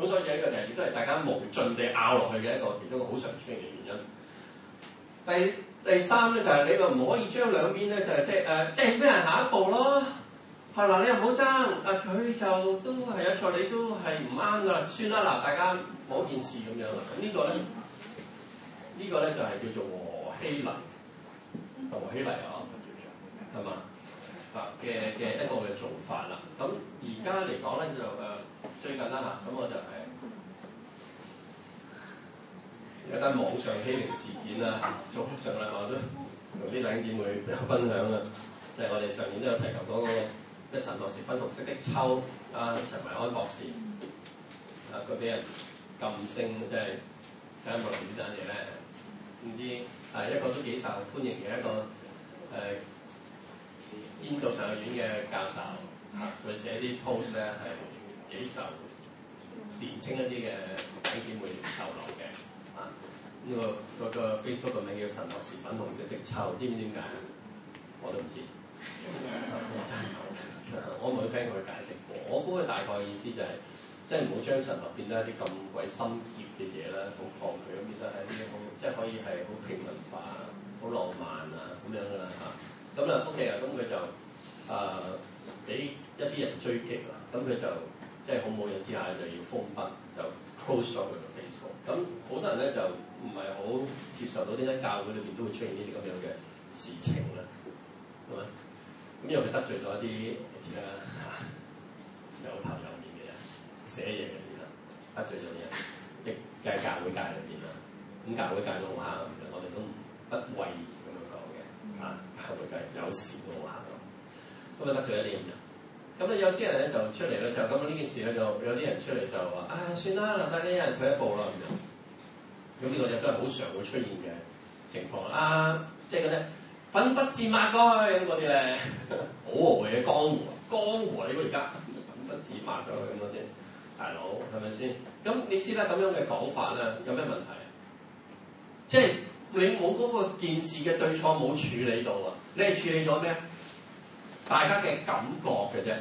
咁所以呢個就亦都係大家無盡地拗落去嘅一個其中一個好常出現嘅原因。第第三咧就係、是、你話唔可以將兩邊咧就係即係誒即係俾人下一步咯，係啦，你又唔好爭啊佢、呃、就都係有錯，你都係唔啱噶啦，算啦嗱，大家冇件事咁樣啦，呢個、呢、呢個咧呢個咧就係叫做和稀泥，和稀泥啊，係嘛啊，嘅嘅一個嘅做法啦。咁而家嚟講咧就誒最近啦嚇，咁我就係、是。有單網上欺凌事件啊，早上啦，我都同啲弟兄姊妹都有分享啊。即、就、係、是、我哋上年都有提及，講嗰個神學係粉紅色的秋啊，陳韋安博士啊，佢俾人禁聲，即係發唔到文章嘅咧。唔知係一個都幾受歡迎嘅一個誒、啊、建道神學院嘅教授，佢、啊、寫啲 post 咧係幾受年青一啲嘅弟兄姊妹受落嘅。呢個嗰 Facebook 個名叫神學是粉紅色的臭，知唔知點解？我都唔知， 我真係冇聽佢解釋過。我估佢大概意思就係、是，即係唔好將神學變得一啲咁鬼心澀嘅嘢啦，好抗拒咁變得係一啲好即係可以係好平民化、好浪漫啊咁樣㗎啦嚇。咁啦，OK 啦、啊，咁佢就誒俾、呃、一啲人追擊啦，咁佢就即係好冇癮之下就要封筆，就 close 咗佢個 Facebook。咁好多人咧就～唔係好接受到點解教會裏邊都會出現呢啲咁樣嘅事情啦，係嘛？咁又為得罪咗一啲啊 有頭有面嘅人，寫嘢嘅事啦， 得罪咗啲人，即係教會界裏邊啦。咁教會界都好慘嘅，我哋都不畏咁樣講嘅，嚇、嗯、教會界有事都好慘。咁啊、嗯、得罪一年人，咁啊有啲人咧就出嚟咧就咁啊呢件事咧就有啲人出嚟就話啊算啦，嗱大家一人退一步啦咁樣。咁呢個亦都係好常會出現嘅情況啦、啊，即係嗰啲粉筆字抹過去咁嗰啲咧，呢 好惡嘅江湖江湖你個而家粉筆字抹咗去，咁嗰啲大佬係咪先？咁你知啦，咁樣嘅講法咧有咩問題？即係你冇嗰個件事嘅對錯冇處理到啊！你係處理咗咩？大家嘅感覺嘅啫，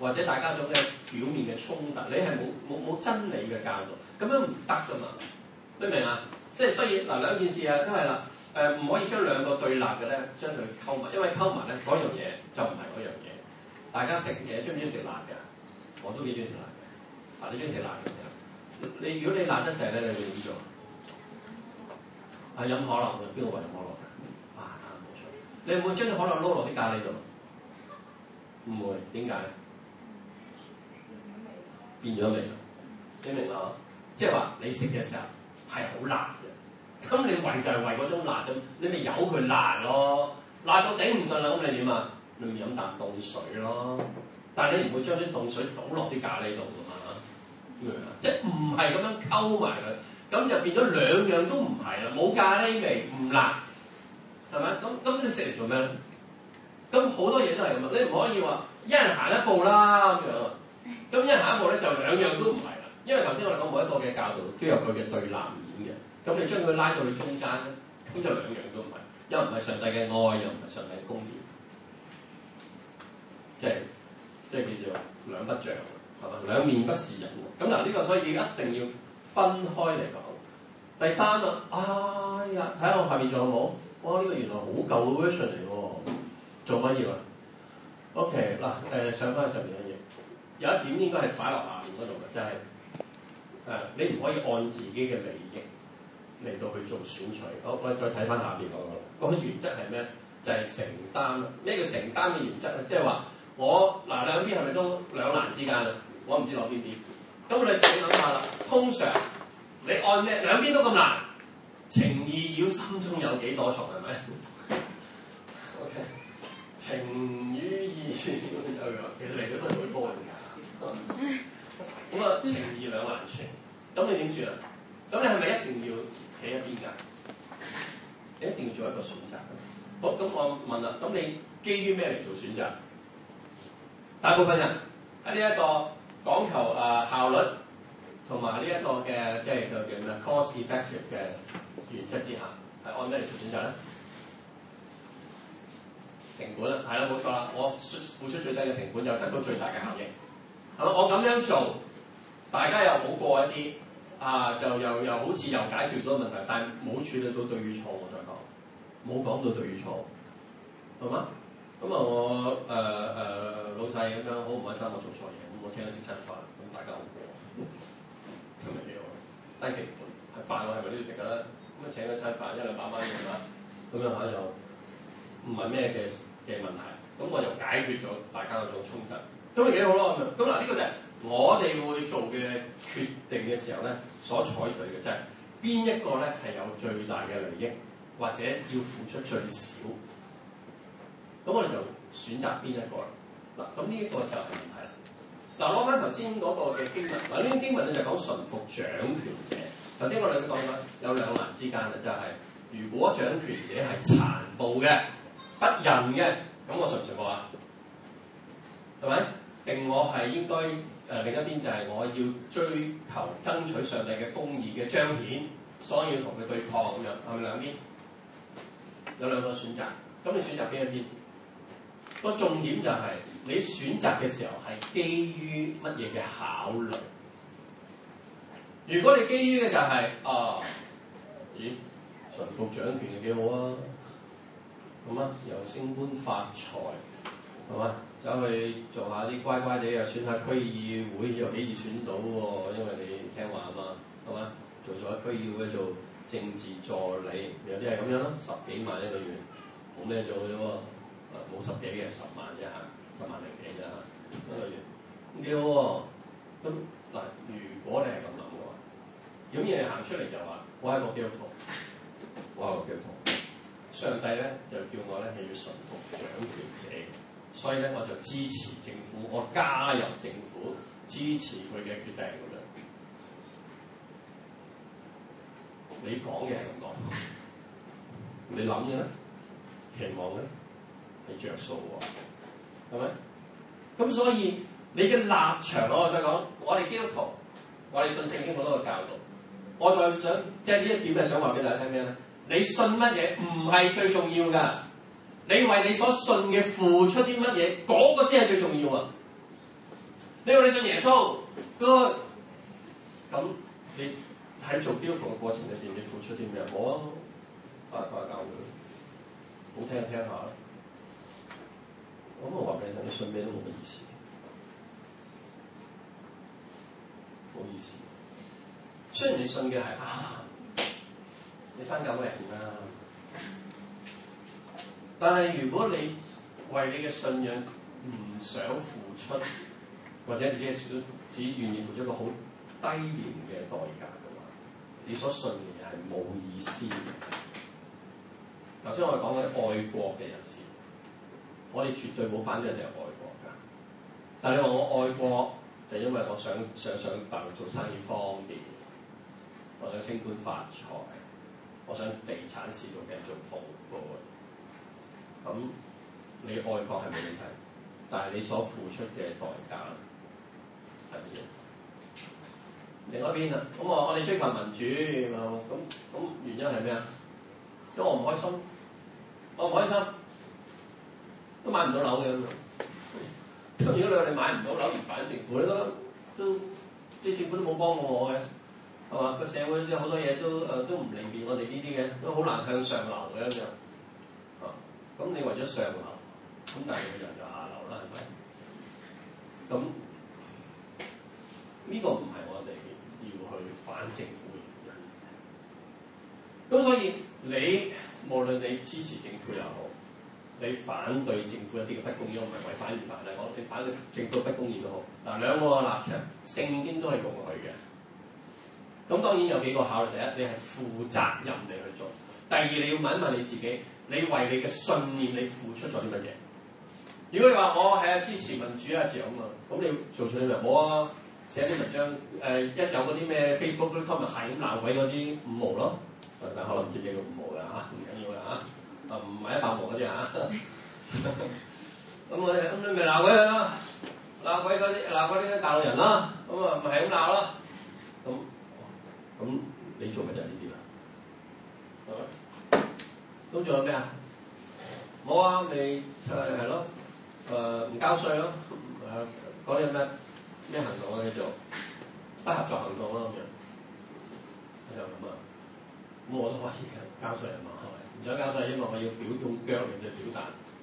或者大家種嘅表面嘅衝突，你係冇冇冇真理嘅教導，咁樣唔得㗎嘛～你明啊？即係所以嗱兩件事啊，都係啦。誒，唔可以將兩個對立嘅咧，將佢溝埋，因為溝埋咧，嗰樣嘢就唔係嗰樣嘢。大家食嘢中唔中意食辣嘅？我都幾中意食辣嘅。嗱，你中意食辣嘅時候，你如果你辣得滯咧，你會點做？係飲可樂嘅邊個為可樂？啊，冇錯。你唔會將啲可樂撈落啲咖喱度？唔會，點解？變咗味。你明啊？即係話你食嘅時候。係好辣嘅，咁你為就係為嗰種辣咁，你咪由佢辣咯，辣到頂唔順啦，咁你點啊？你咪飲啖凍水咯，但係你唔會將啲凍水倒落啲咖喱度㗎嘛，即係唔係咁樣溝埋佢，咁就變咗兩樣都唔係啦，冇咖喱味，唔辣，係咪？咁咁你食嚟做咩咧？咁好多嘢都係咁啊，你唔可以話一人行一步啦咁樣，咁一人行一步咧就兩樣都唔係。因為頭先我哋講，每一個嘅教導都有佢嘅對立面嘅。咁你將佢拉到去中間咧，咁就兩樣都唔係，又唔係上帝嘅愛，又唔係上帝嘅公義，即係即係叫做兩不像，係嘛，兩面不是人。咁嗱，呢個所以一定要分開嚟講。第三啦，哎呀，睇下我下面仲有冇？哇！呢個原來好舊嘅 version 嚟喎，做乜嘢啊？OK，嗱誒，上返上面一頁，有一點應該係擺落下面嗰度嘅，即係。誒，你唔可以按自己嘅利益嚟到去做選取。好，我哋再睇翻下邊嗰個。原則係咩？就係、是、承擔。咩叫承擔嘅原則咧？即係話我嗱兩邊係咪都兩難之間啊？我唔知攞邊啲。咁你你諗下啦，通常你按咩？兩邊都咁難，情義繞心中有幾多重係咪？O K，情與義有其實嚟緊都係多嘅。 咁啊，情義兩難全，咁你點算啊？咁你係咪一定要企一邊㗎？你一定要做一個選擇。好，咁我問啦，咁你基於咩嚟做選擇？大部分人喺呢一個講求誒、呃、效率同埋呢一個嘅即係個叫咩？cost-effective 嘅原則之下，係按咩嚟做選擇咧？成本係啦，冇錯啦，我付出最低嘅成本，就得到最大嘅效益。係咯，我咁樣做。大家又好過一啲，啊，又又又好似又解決咗問題，但係冇處理到對與錯，我再講，冇講到對與錯，係嘛？咁啊、呃呃，我誒誒老細咁樣，好唔開心我做錯嘢？咁我，、嗯、Nice. 我請咗食餐飯，咁大家好過，係咪幾好？低成本，飯我係咪都要食㗎啦？咁啊請咗餐飯一兩百蚊㗎嘛，咁樣下就唔係咩嘅嘅問題，咁我就解決咗大家嗰種衝突，都幾好咯。咁嗱呢個就係。我哋會做嘅決定嘅時候咧，所採取嘅即係邊一個咧係有最大嘅利益，或者要付出最少，咁我哋就選擇邊一個啦。嗱，咁呢一個就係問題啦。嗱，攞翻頭先嗰個嘅經文，嗱呢啲經文咧就講順服掌權者。頭先我哋都講過啦，有兩難之間啦，就係如果掌權者係殘暴嘅、不仁嘅，咁我順唔順服啊？係咪定我係應該？另一邊就係我要追求爭取上帝嘅公義嘅彰顯，所以要同佢對抗咁樣，係咪兩邊有兩個選擇？咁你選擇邊一邊？個重點就係、是、你選擇嘅時候係基於乜嘢嘅考慮？如果你基於嘅就係、是、啊，咦，順服掌權幾好啊？好啊，由升官發財，好嘛？走去做下啲乖乖哋，啊，選下區議會又可以選到喎，因為你聽話啊嘛，係嘛？做咗下區議會做政治助理，有啲係咁樣咯，十幾萬一個月，冇咩做嘅啫啊，冇十幾嘅，十萬啫嚇，十萬零幾啫嚇，一個月，幾好喎！咁嗱，如果你係咁諗嘅話，咁你行出嚟就話我係個基督徒，我係個基督徒，上帝咧就叫我咧係要順服掌權者。所以咧，我就支持政府，我加入政府，支持佢嘅決定啦。你講嘅係咁講， 你諗嘅咧，期望咧係着數喎，係咪？咁所以你嘅立場，我再講，我哋基督徒我哋信聖經好多個教導，我再想即呢一點，係想話俾大家聽咩咧？你信乜嘢唔係最重要㗎？你為你所信嘅付出啲乜嘢？嗰、嗰個先係最重要啊！你話你信耶穌，咁、嗰個、你喺做基督徒嘅過程入邊，你付出啲咩？冇啊，翻嚟教會，好聽聽下。我冇話俾你知信咩都冇乜意思，冇意思。信你信嘅係啊，你翻教會人啦。但係，如果你為你嘅信仰唔想付出，或者只係想只願意付出一個好低廉嘅代價嘅話，你所信嘅係冇意思嘅。頭先我哋講緊愛國嘅人士，我哋絕對冇反對你愛國㗎。但係你話我愛國，就是、因為我想想上大陸做生意方便，我想升官發財，我想地產市道嘅人做服務。咁你外國係冇問題，但係你所付出嘅代價係乜嘢？另外一邊啊，咁我我哋追求民主，咁咁原因係咩啊？因為我唔開心，我唔開心，都買唔到樓嘅咁樣。出現咗兩年買唔到樓而反政府都，都都啲政府都冇幫過我嘅，係嘛？個社會即係好多嘢都誒都唔利便我哋呢啲嘅，都好難向上流嘅咁樣。咁你為咗上流，咁但係佢人就下流啦，係咪？咁呢個唔係我哋要去反政府嘅原因。咁所以你無論你支持政府又好，你反對政府一啲嘅不公義，我唔係為反而反啦，我你反對政府嘅不公義都好，嗱兩個立場，聖經都係容許嘅。咁當然有幾個考慮：第一，你係負責任地去做；第二，你要問一問你自己。你為你嘅信念，你付出咗啲乜嘢？如果你話我係啊支持民主啊自由咁啊，咁你做錯嘢咪好啊？寫啲文章，誒、呃、一有嗰啲咩 Facebook 嗰啲 comment 係咁鬧鬼嗰啲五毛咯，但可能唔知幾個五毛嘅嚇，唔緊要啦嚇，唔係、啊啊、一百毛嗰啲嚇，咁我咧咁你咪鬧鬼佢咯，鬧鬼嗰啲鬧鬼啲大陸人啦、啊，咁啊咪係咁鬧咯，咁咁你做乜就係呢啲啦，係、啊、咪？咁仲有咩啊？冇、呃、啊，咪係係咯，誒唔交稅咯，誒講啲咩咩行動啊？做不合作行動咯、啊、咁、咁、樣，就咁啊。咁我都可以嘅，交稅嘛，係咪？唔想交稅，因為我要表用腳嚟嘅表達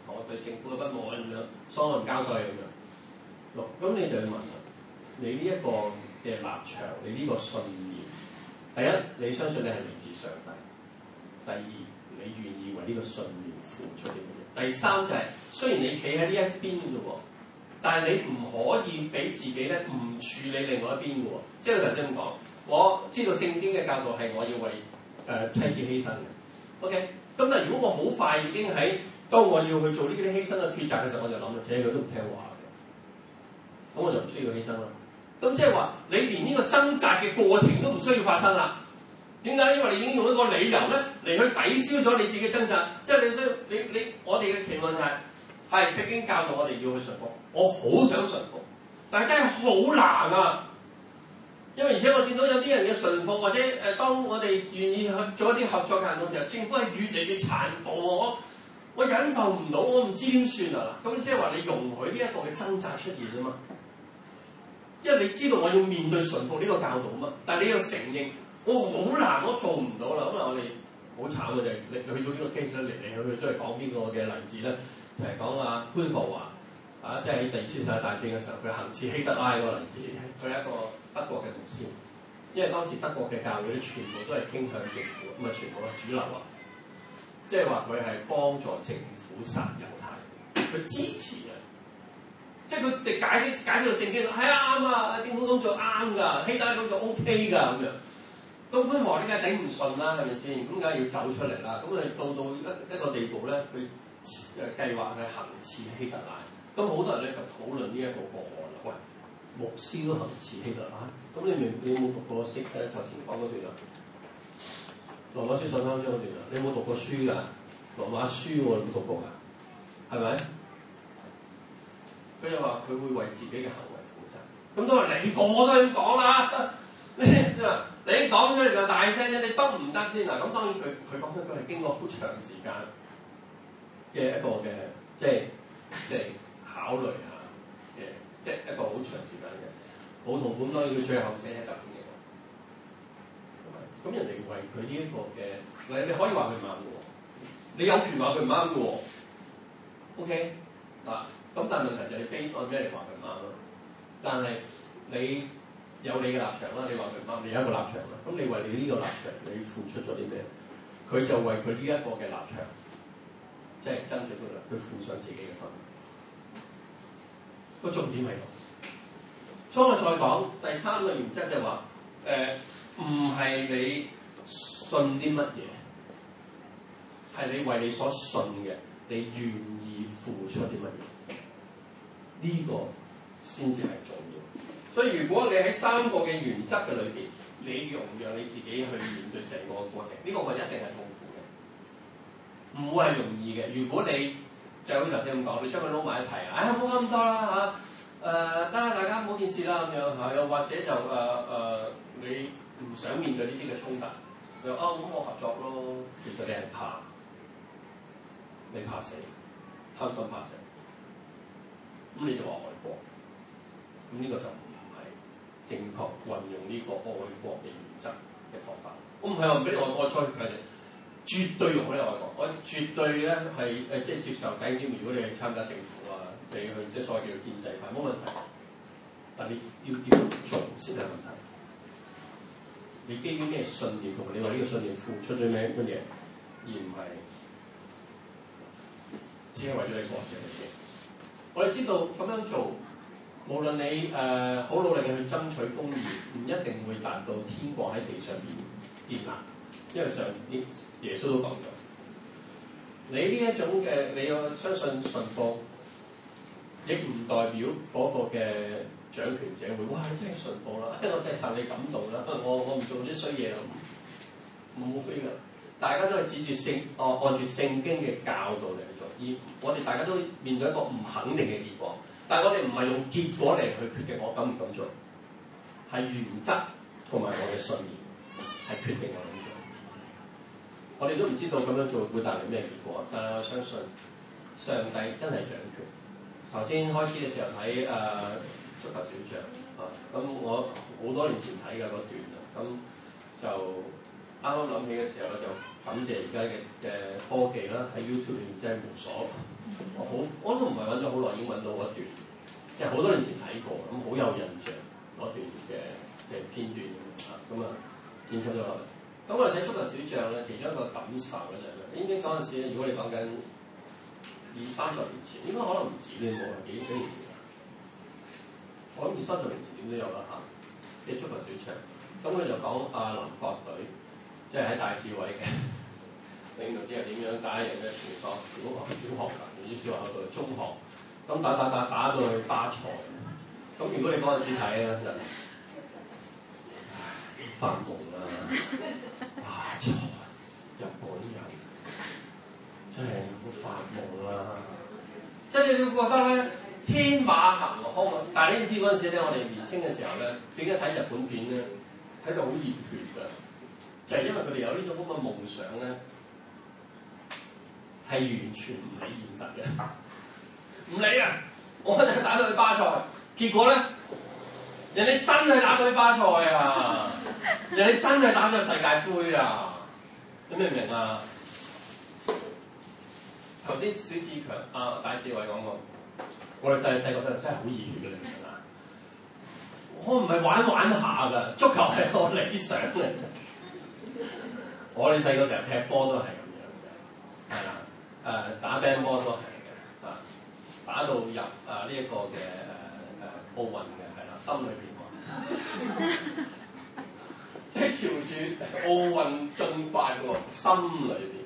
我對政府嘅不滿咁樣，所以我唔交稅咁樣。六，咁你就要問啦，你呢一個嘅立場，你呢個信念，第一，你相信你係嚟自上帝，第二。你願意為呢個信念付出啲乜嘢？第三就係、是，雖然你企喺呢一邊嘅喎，但係你唔可以俾自己咧唔處理另外一邊嘅喎。即係我頭先咁講，我知道聖經嘅教導係我要為誒、呃、妻子犧牲嘅。OK，咁但係如果我好快已經喺當我要去做呢啲犧牲嘅抉擇嘅時候，我就諗啦，其實佢都唔聽話嘅，咁我就唔需要犧牲啦。咁即係話你連呢個掙扎嘅過程都唔需要發生啦。點解？因為你已經用一個理由咧嚟去抵消咗你自己嘅掙扎，即係你想你你我哋嘅期望就係係聖經教導我哋要去順服，我好很想順服，但係真係好難啊！因為而且我見到有啲人嘅順服，或者誒、呃、當我哋願意去做一啲合作嘅行動時候，政府係越嚟越殘暴，我我忍受唔到，我唔知點算啊！咁即係話你容許呢一個嘅掙扎出現啊嘛，因為你知道我要面對順服呢個教導啊嘛，但係你要承認。我好難，我做唔到啦。咁啊，我哋好慘嘅就係，你去到呢個 case 咧，嚟嚟去去都係講邊個嘅例子咧？就係講阿潘霍華啊，即係喺第二次世界大戰嘅時候，佢行刺希特拉嗰個例子，佢係一個德國嘅牧師，因為當時德國嘅教會咧，全部都係傾向政府，咁啊，全部係主流啊，即係話佢係幫助政府殺猶太人，佢支持人、就是、啊，即係佢哋解釋解釋個聖經，係啊啱啊，政府咁做啱㗎，希特拉咁做 OK 㗎咁樣。東方河呢，梗係頂唔順啦，係咪先？咁梗係要走出嚟啦。咁佢到到一一個地步咧，佢誒計劃去行刺希特拉。咁好多人咧就討論呢個一個案啦。喂，牧師都行刺希特拉。咁你明？你有冇讀過識咧？頭前講嗰段啊，羅馬書十三章段啊，你冇讀過書噶？羅馬書我有冇讀過啊？係咪？佢又話佢會為自己嘅行為負責。咁都係你個，我都係咁講啦。呢就～你講出嚟就大聲啫，你得唔得先嗱？咁當然佢佢講出佢係經過好長時間嘅一個嘅，即係即係考慮下嘅，即係一個好長時間嘅。好同款當然佢最後寫一集嘅嘢，咁人哋為佢呢一個嘅，嗱你可以話佢啱嘅喎，你有權話佢唔啱嘅喎。OK 嗱，咁但係問題就係 base on 咩嚟話佢唔啱咯？但係你。有你嘅立場啦，你話明唔明？你有一個立場啦，咁你為你呢個立場，你付出咗啲咩？佢就為佢呢一個嘅立場，即係爭取佢啦，佢付上自己嘅生命。個重點係咁，所以我再講第三個原則就係話：誒，唔係你信啲乜嘢，係你為你所信嘅，你願意付出啲乜嘢？呢個先至係做。所以如果你喺三個嘅原則嘅裏邊，你容讓你自己去面對成個過程，呢、這個係一定係痛苦嘅，唔會係容易嘅。如果你就係好似頭先咁講，你將佢撈埋一齊，哎、啊，唉，冇講咁多啦嚇，誒得啦，大家冇件事啦咁樣嚇，又、啊、或者就誒誒、啊呃，你唔想面對呢啲嘅衝突，就啊，咁我合作咯。其實你係怕，你怕死，貪心怕死，咁你就話外國，咁呢個就。正確運用呢個愛國嘅原則嘅方法，我，我唔係話唔俾外外再介入，絕對容許愛國，我絕對咧係誒，即係、呃、接受第二招，如果你去參加政府啊，啊，你去即係所謂叫做建制派冇問題，但你要點做先係問題？你基於咩信念同你話呢個信念付出咗咩乜嘢，而唔係只係為咗你個人我哋知道咁樣做。無論你誒好、呃、努力嘅去爭取公義，唔一定會達到天國喺地上面建立，因為上邊耶穌都講咗，你呢一種嘅你有相信信奉，亦唔代表嗰個嘅掌權者會哇！你真係信奉啦，我真係受你感動啦。不過我我唔做啲衰嘢啦，冇嘅。大家都係指住聖哦，按住聖經嘅教導嚟去做。而我哋大家都面對一個唔肯定嘅結果。但係我哋唔係用結果嚟去決定我敢唔敢做，係原則同埋我嘅信念係決定我點做。我哋都唔知道咁樣做會帶嚟咩結果，但係我相信上帝真係掌權。頭先開始嘅時候睇誒、呃、足球小將啊，咁我好多年前睇嘅嗰段啊，咁就啱啱諗起嘅時候，我就感謝而家嘅嘅科技啦，喺 YouTube 入面即係無所。我好，我都唔係揾咗好耐，已經揾到嗰段，即係好多年前睇過，咁、嗯、好有印象嗰段嘅嘅、就是、片段啊。咁、嗯、啊，展出咗啦。咁我哋睇足球小將咧，其中一個感受咧就係、是，應該嗰陣時，如果你講緊二三十年前，應該可能唔止呢個幾幾年前。我諗二三十年前點都有啦嚇，嘅足球小將。咁佢就講阿南國隊，即係喺戴志偉嘅領導之下，點樣打贏咗全國小學小學。 小學後到中學，咁打打打打到去八場，咁如果你嗰陣時睇咧，就發夢啦、啊！八場日本人真係好發夢啦、啊！即係你會覺得咧天馬行空，但係你唔知嗰陣時咧，我哋年青嘅時候咧，點解睇日本片咧？睇到好熱血㗎，就係、是、因為佢哋有呢種咁嘅夢想咧。係完全唔理現實嘅，唔理啊！我嗰陣打咗去巴塞，結果咧，人哋真係打咗去巴塞啊！ 人哋真係打咗世界盃啊！你明唔明啊？頭先小志強啊，戴志偉講過，我哋細個真係真係好熱嘅，我唔係玩玩下㗎，足球係我理想嘅。 我哋細個成日踢波都係咁樣，係啊。誒打乒乓波都係嘅，啊打到入啊呢一、這個嘅誒誒奧運嘅係啦，心裏邊喎， 即係朝住奧運進快喎，心裏邊。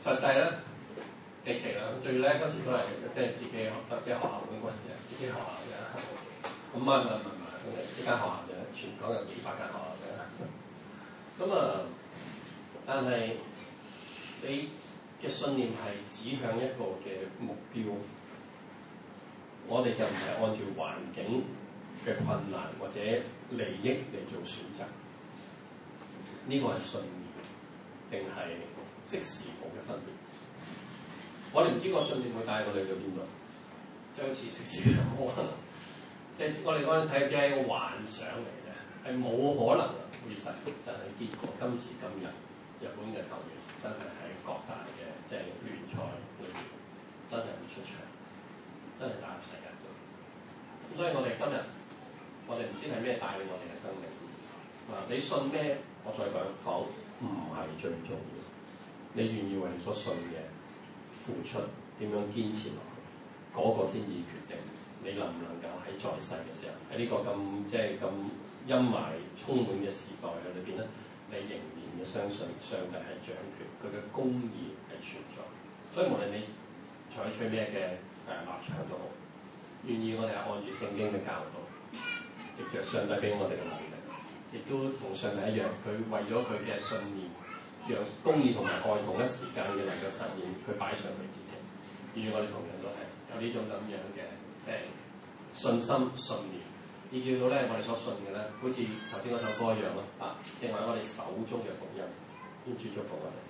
實際咧，極其啦？最叻嗰時都係即係自己學，即係學校嗰陣時啊，自己學校嘅。咁啊唔係唔係唔係唔係，呢間麼學校就係全港有幾百間學校嘅，咁啊，但係你。嘅信念係指向一個嘅目標，我哋就唔係按照環境嘅困難或者利益嚟做選擇。呢、這個係信念定係即時冇嘅分別？我哋唔知個信念會帶我哋到邊度，將係好似雪絲咁冇可能。即係、 就是、我哋嗰陣睇，只係一個幻想嚟嘅，係冇可能會實現。但係結果今時今日，日本嘅球員真係。係。各大嘅即係聯賽裏邊，真係會出場，真係打入世界盃。咁所以我哋今日，我哋唔知係咩帶領我哋嘅生命。嗱，你信咩？我再講，講，唔係最重要。你願意為你所信嘅付出，點樣堅持落去，嗰、嗰個先至決定你能唔能夠喺在，在世嘅時候，喺呢個咁即係咁陰霾充滿嘅時代裏邊咧，你認。相信上帝係掌權，佢嘅公義係存在，所以無論你採取咩嘅，誒立場都好，願意我哋係按住聖經嘅教導，藉著上帝俾我哋嘅能力，亦都同上帝一樣，佢為咗佢嘅信念、讓公義同埋愛同一時間嘅能夠實現，佢擺上佢自己，願意我哋同樣都係有呢種咁樣嘅誒信心、信念。意料到咧，我哋所信嘅咧，好似頭先首歌一樣咯，啊，成為我哋手中嘅福音，天主祝福我。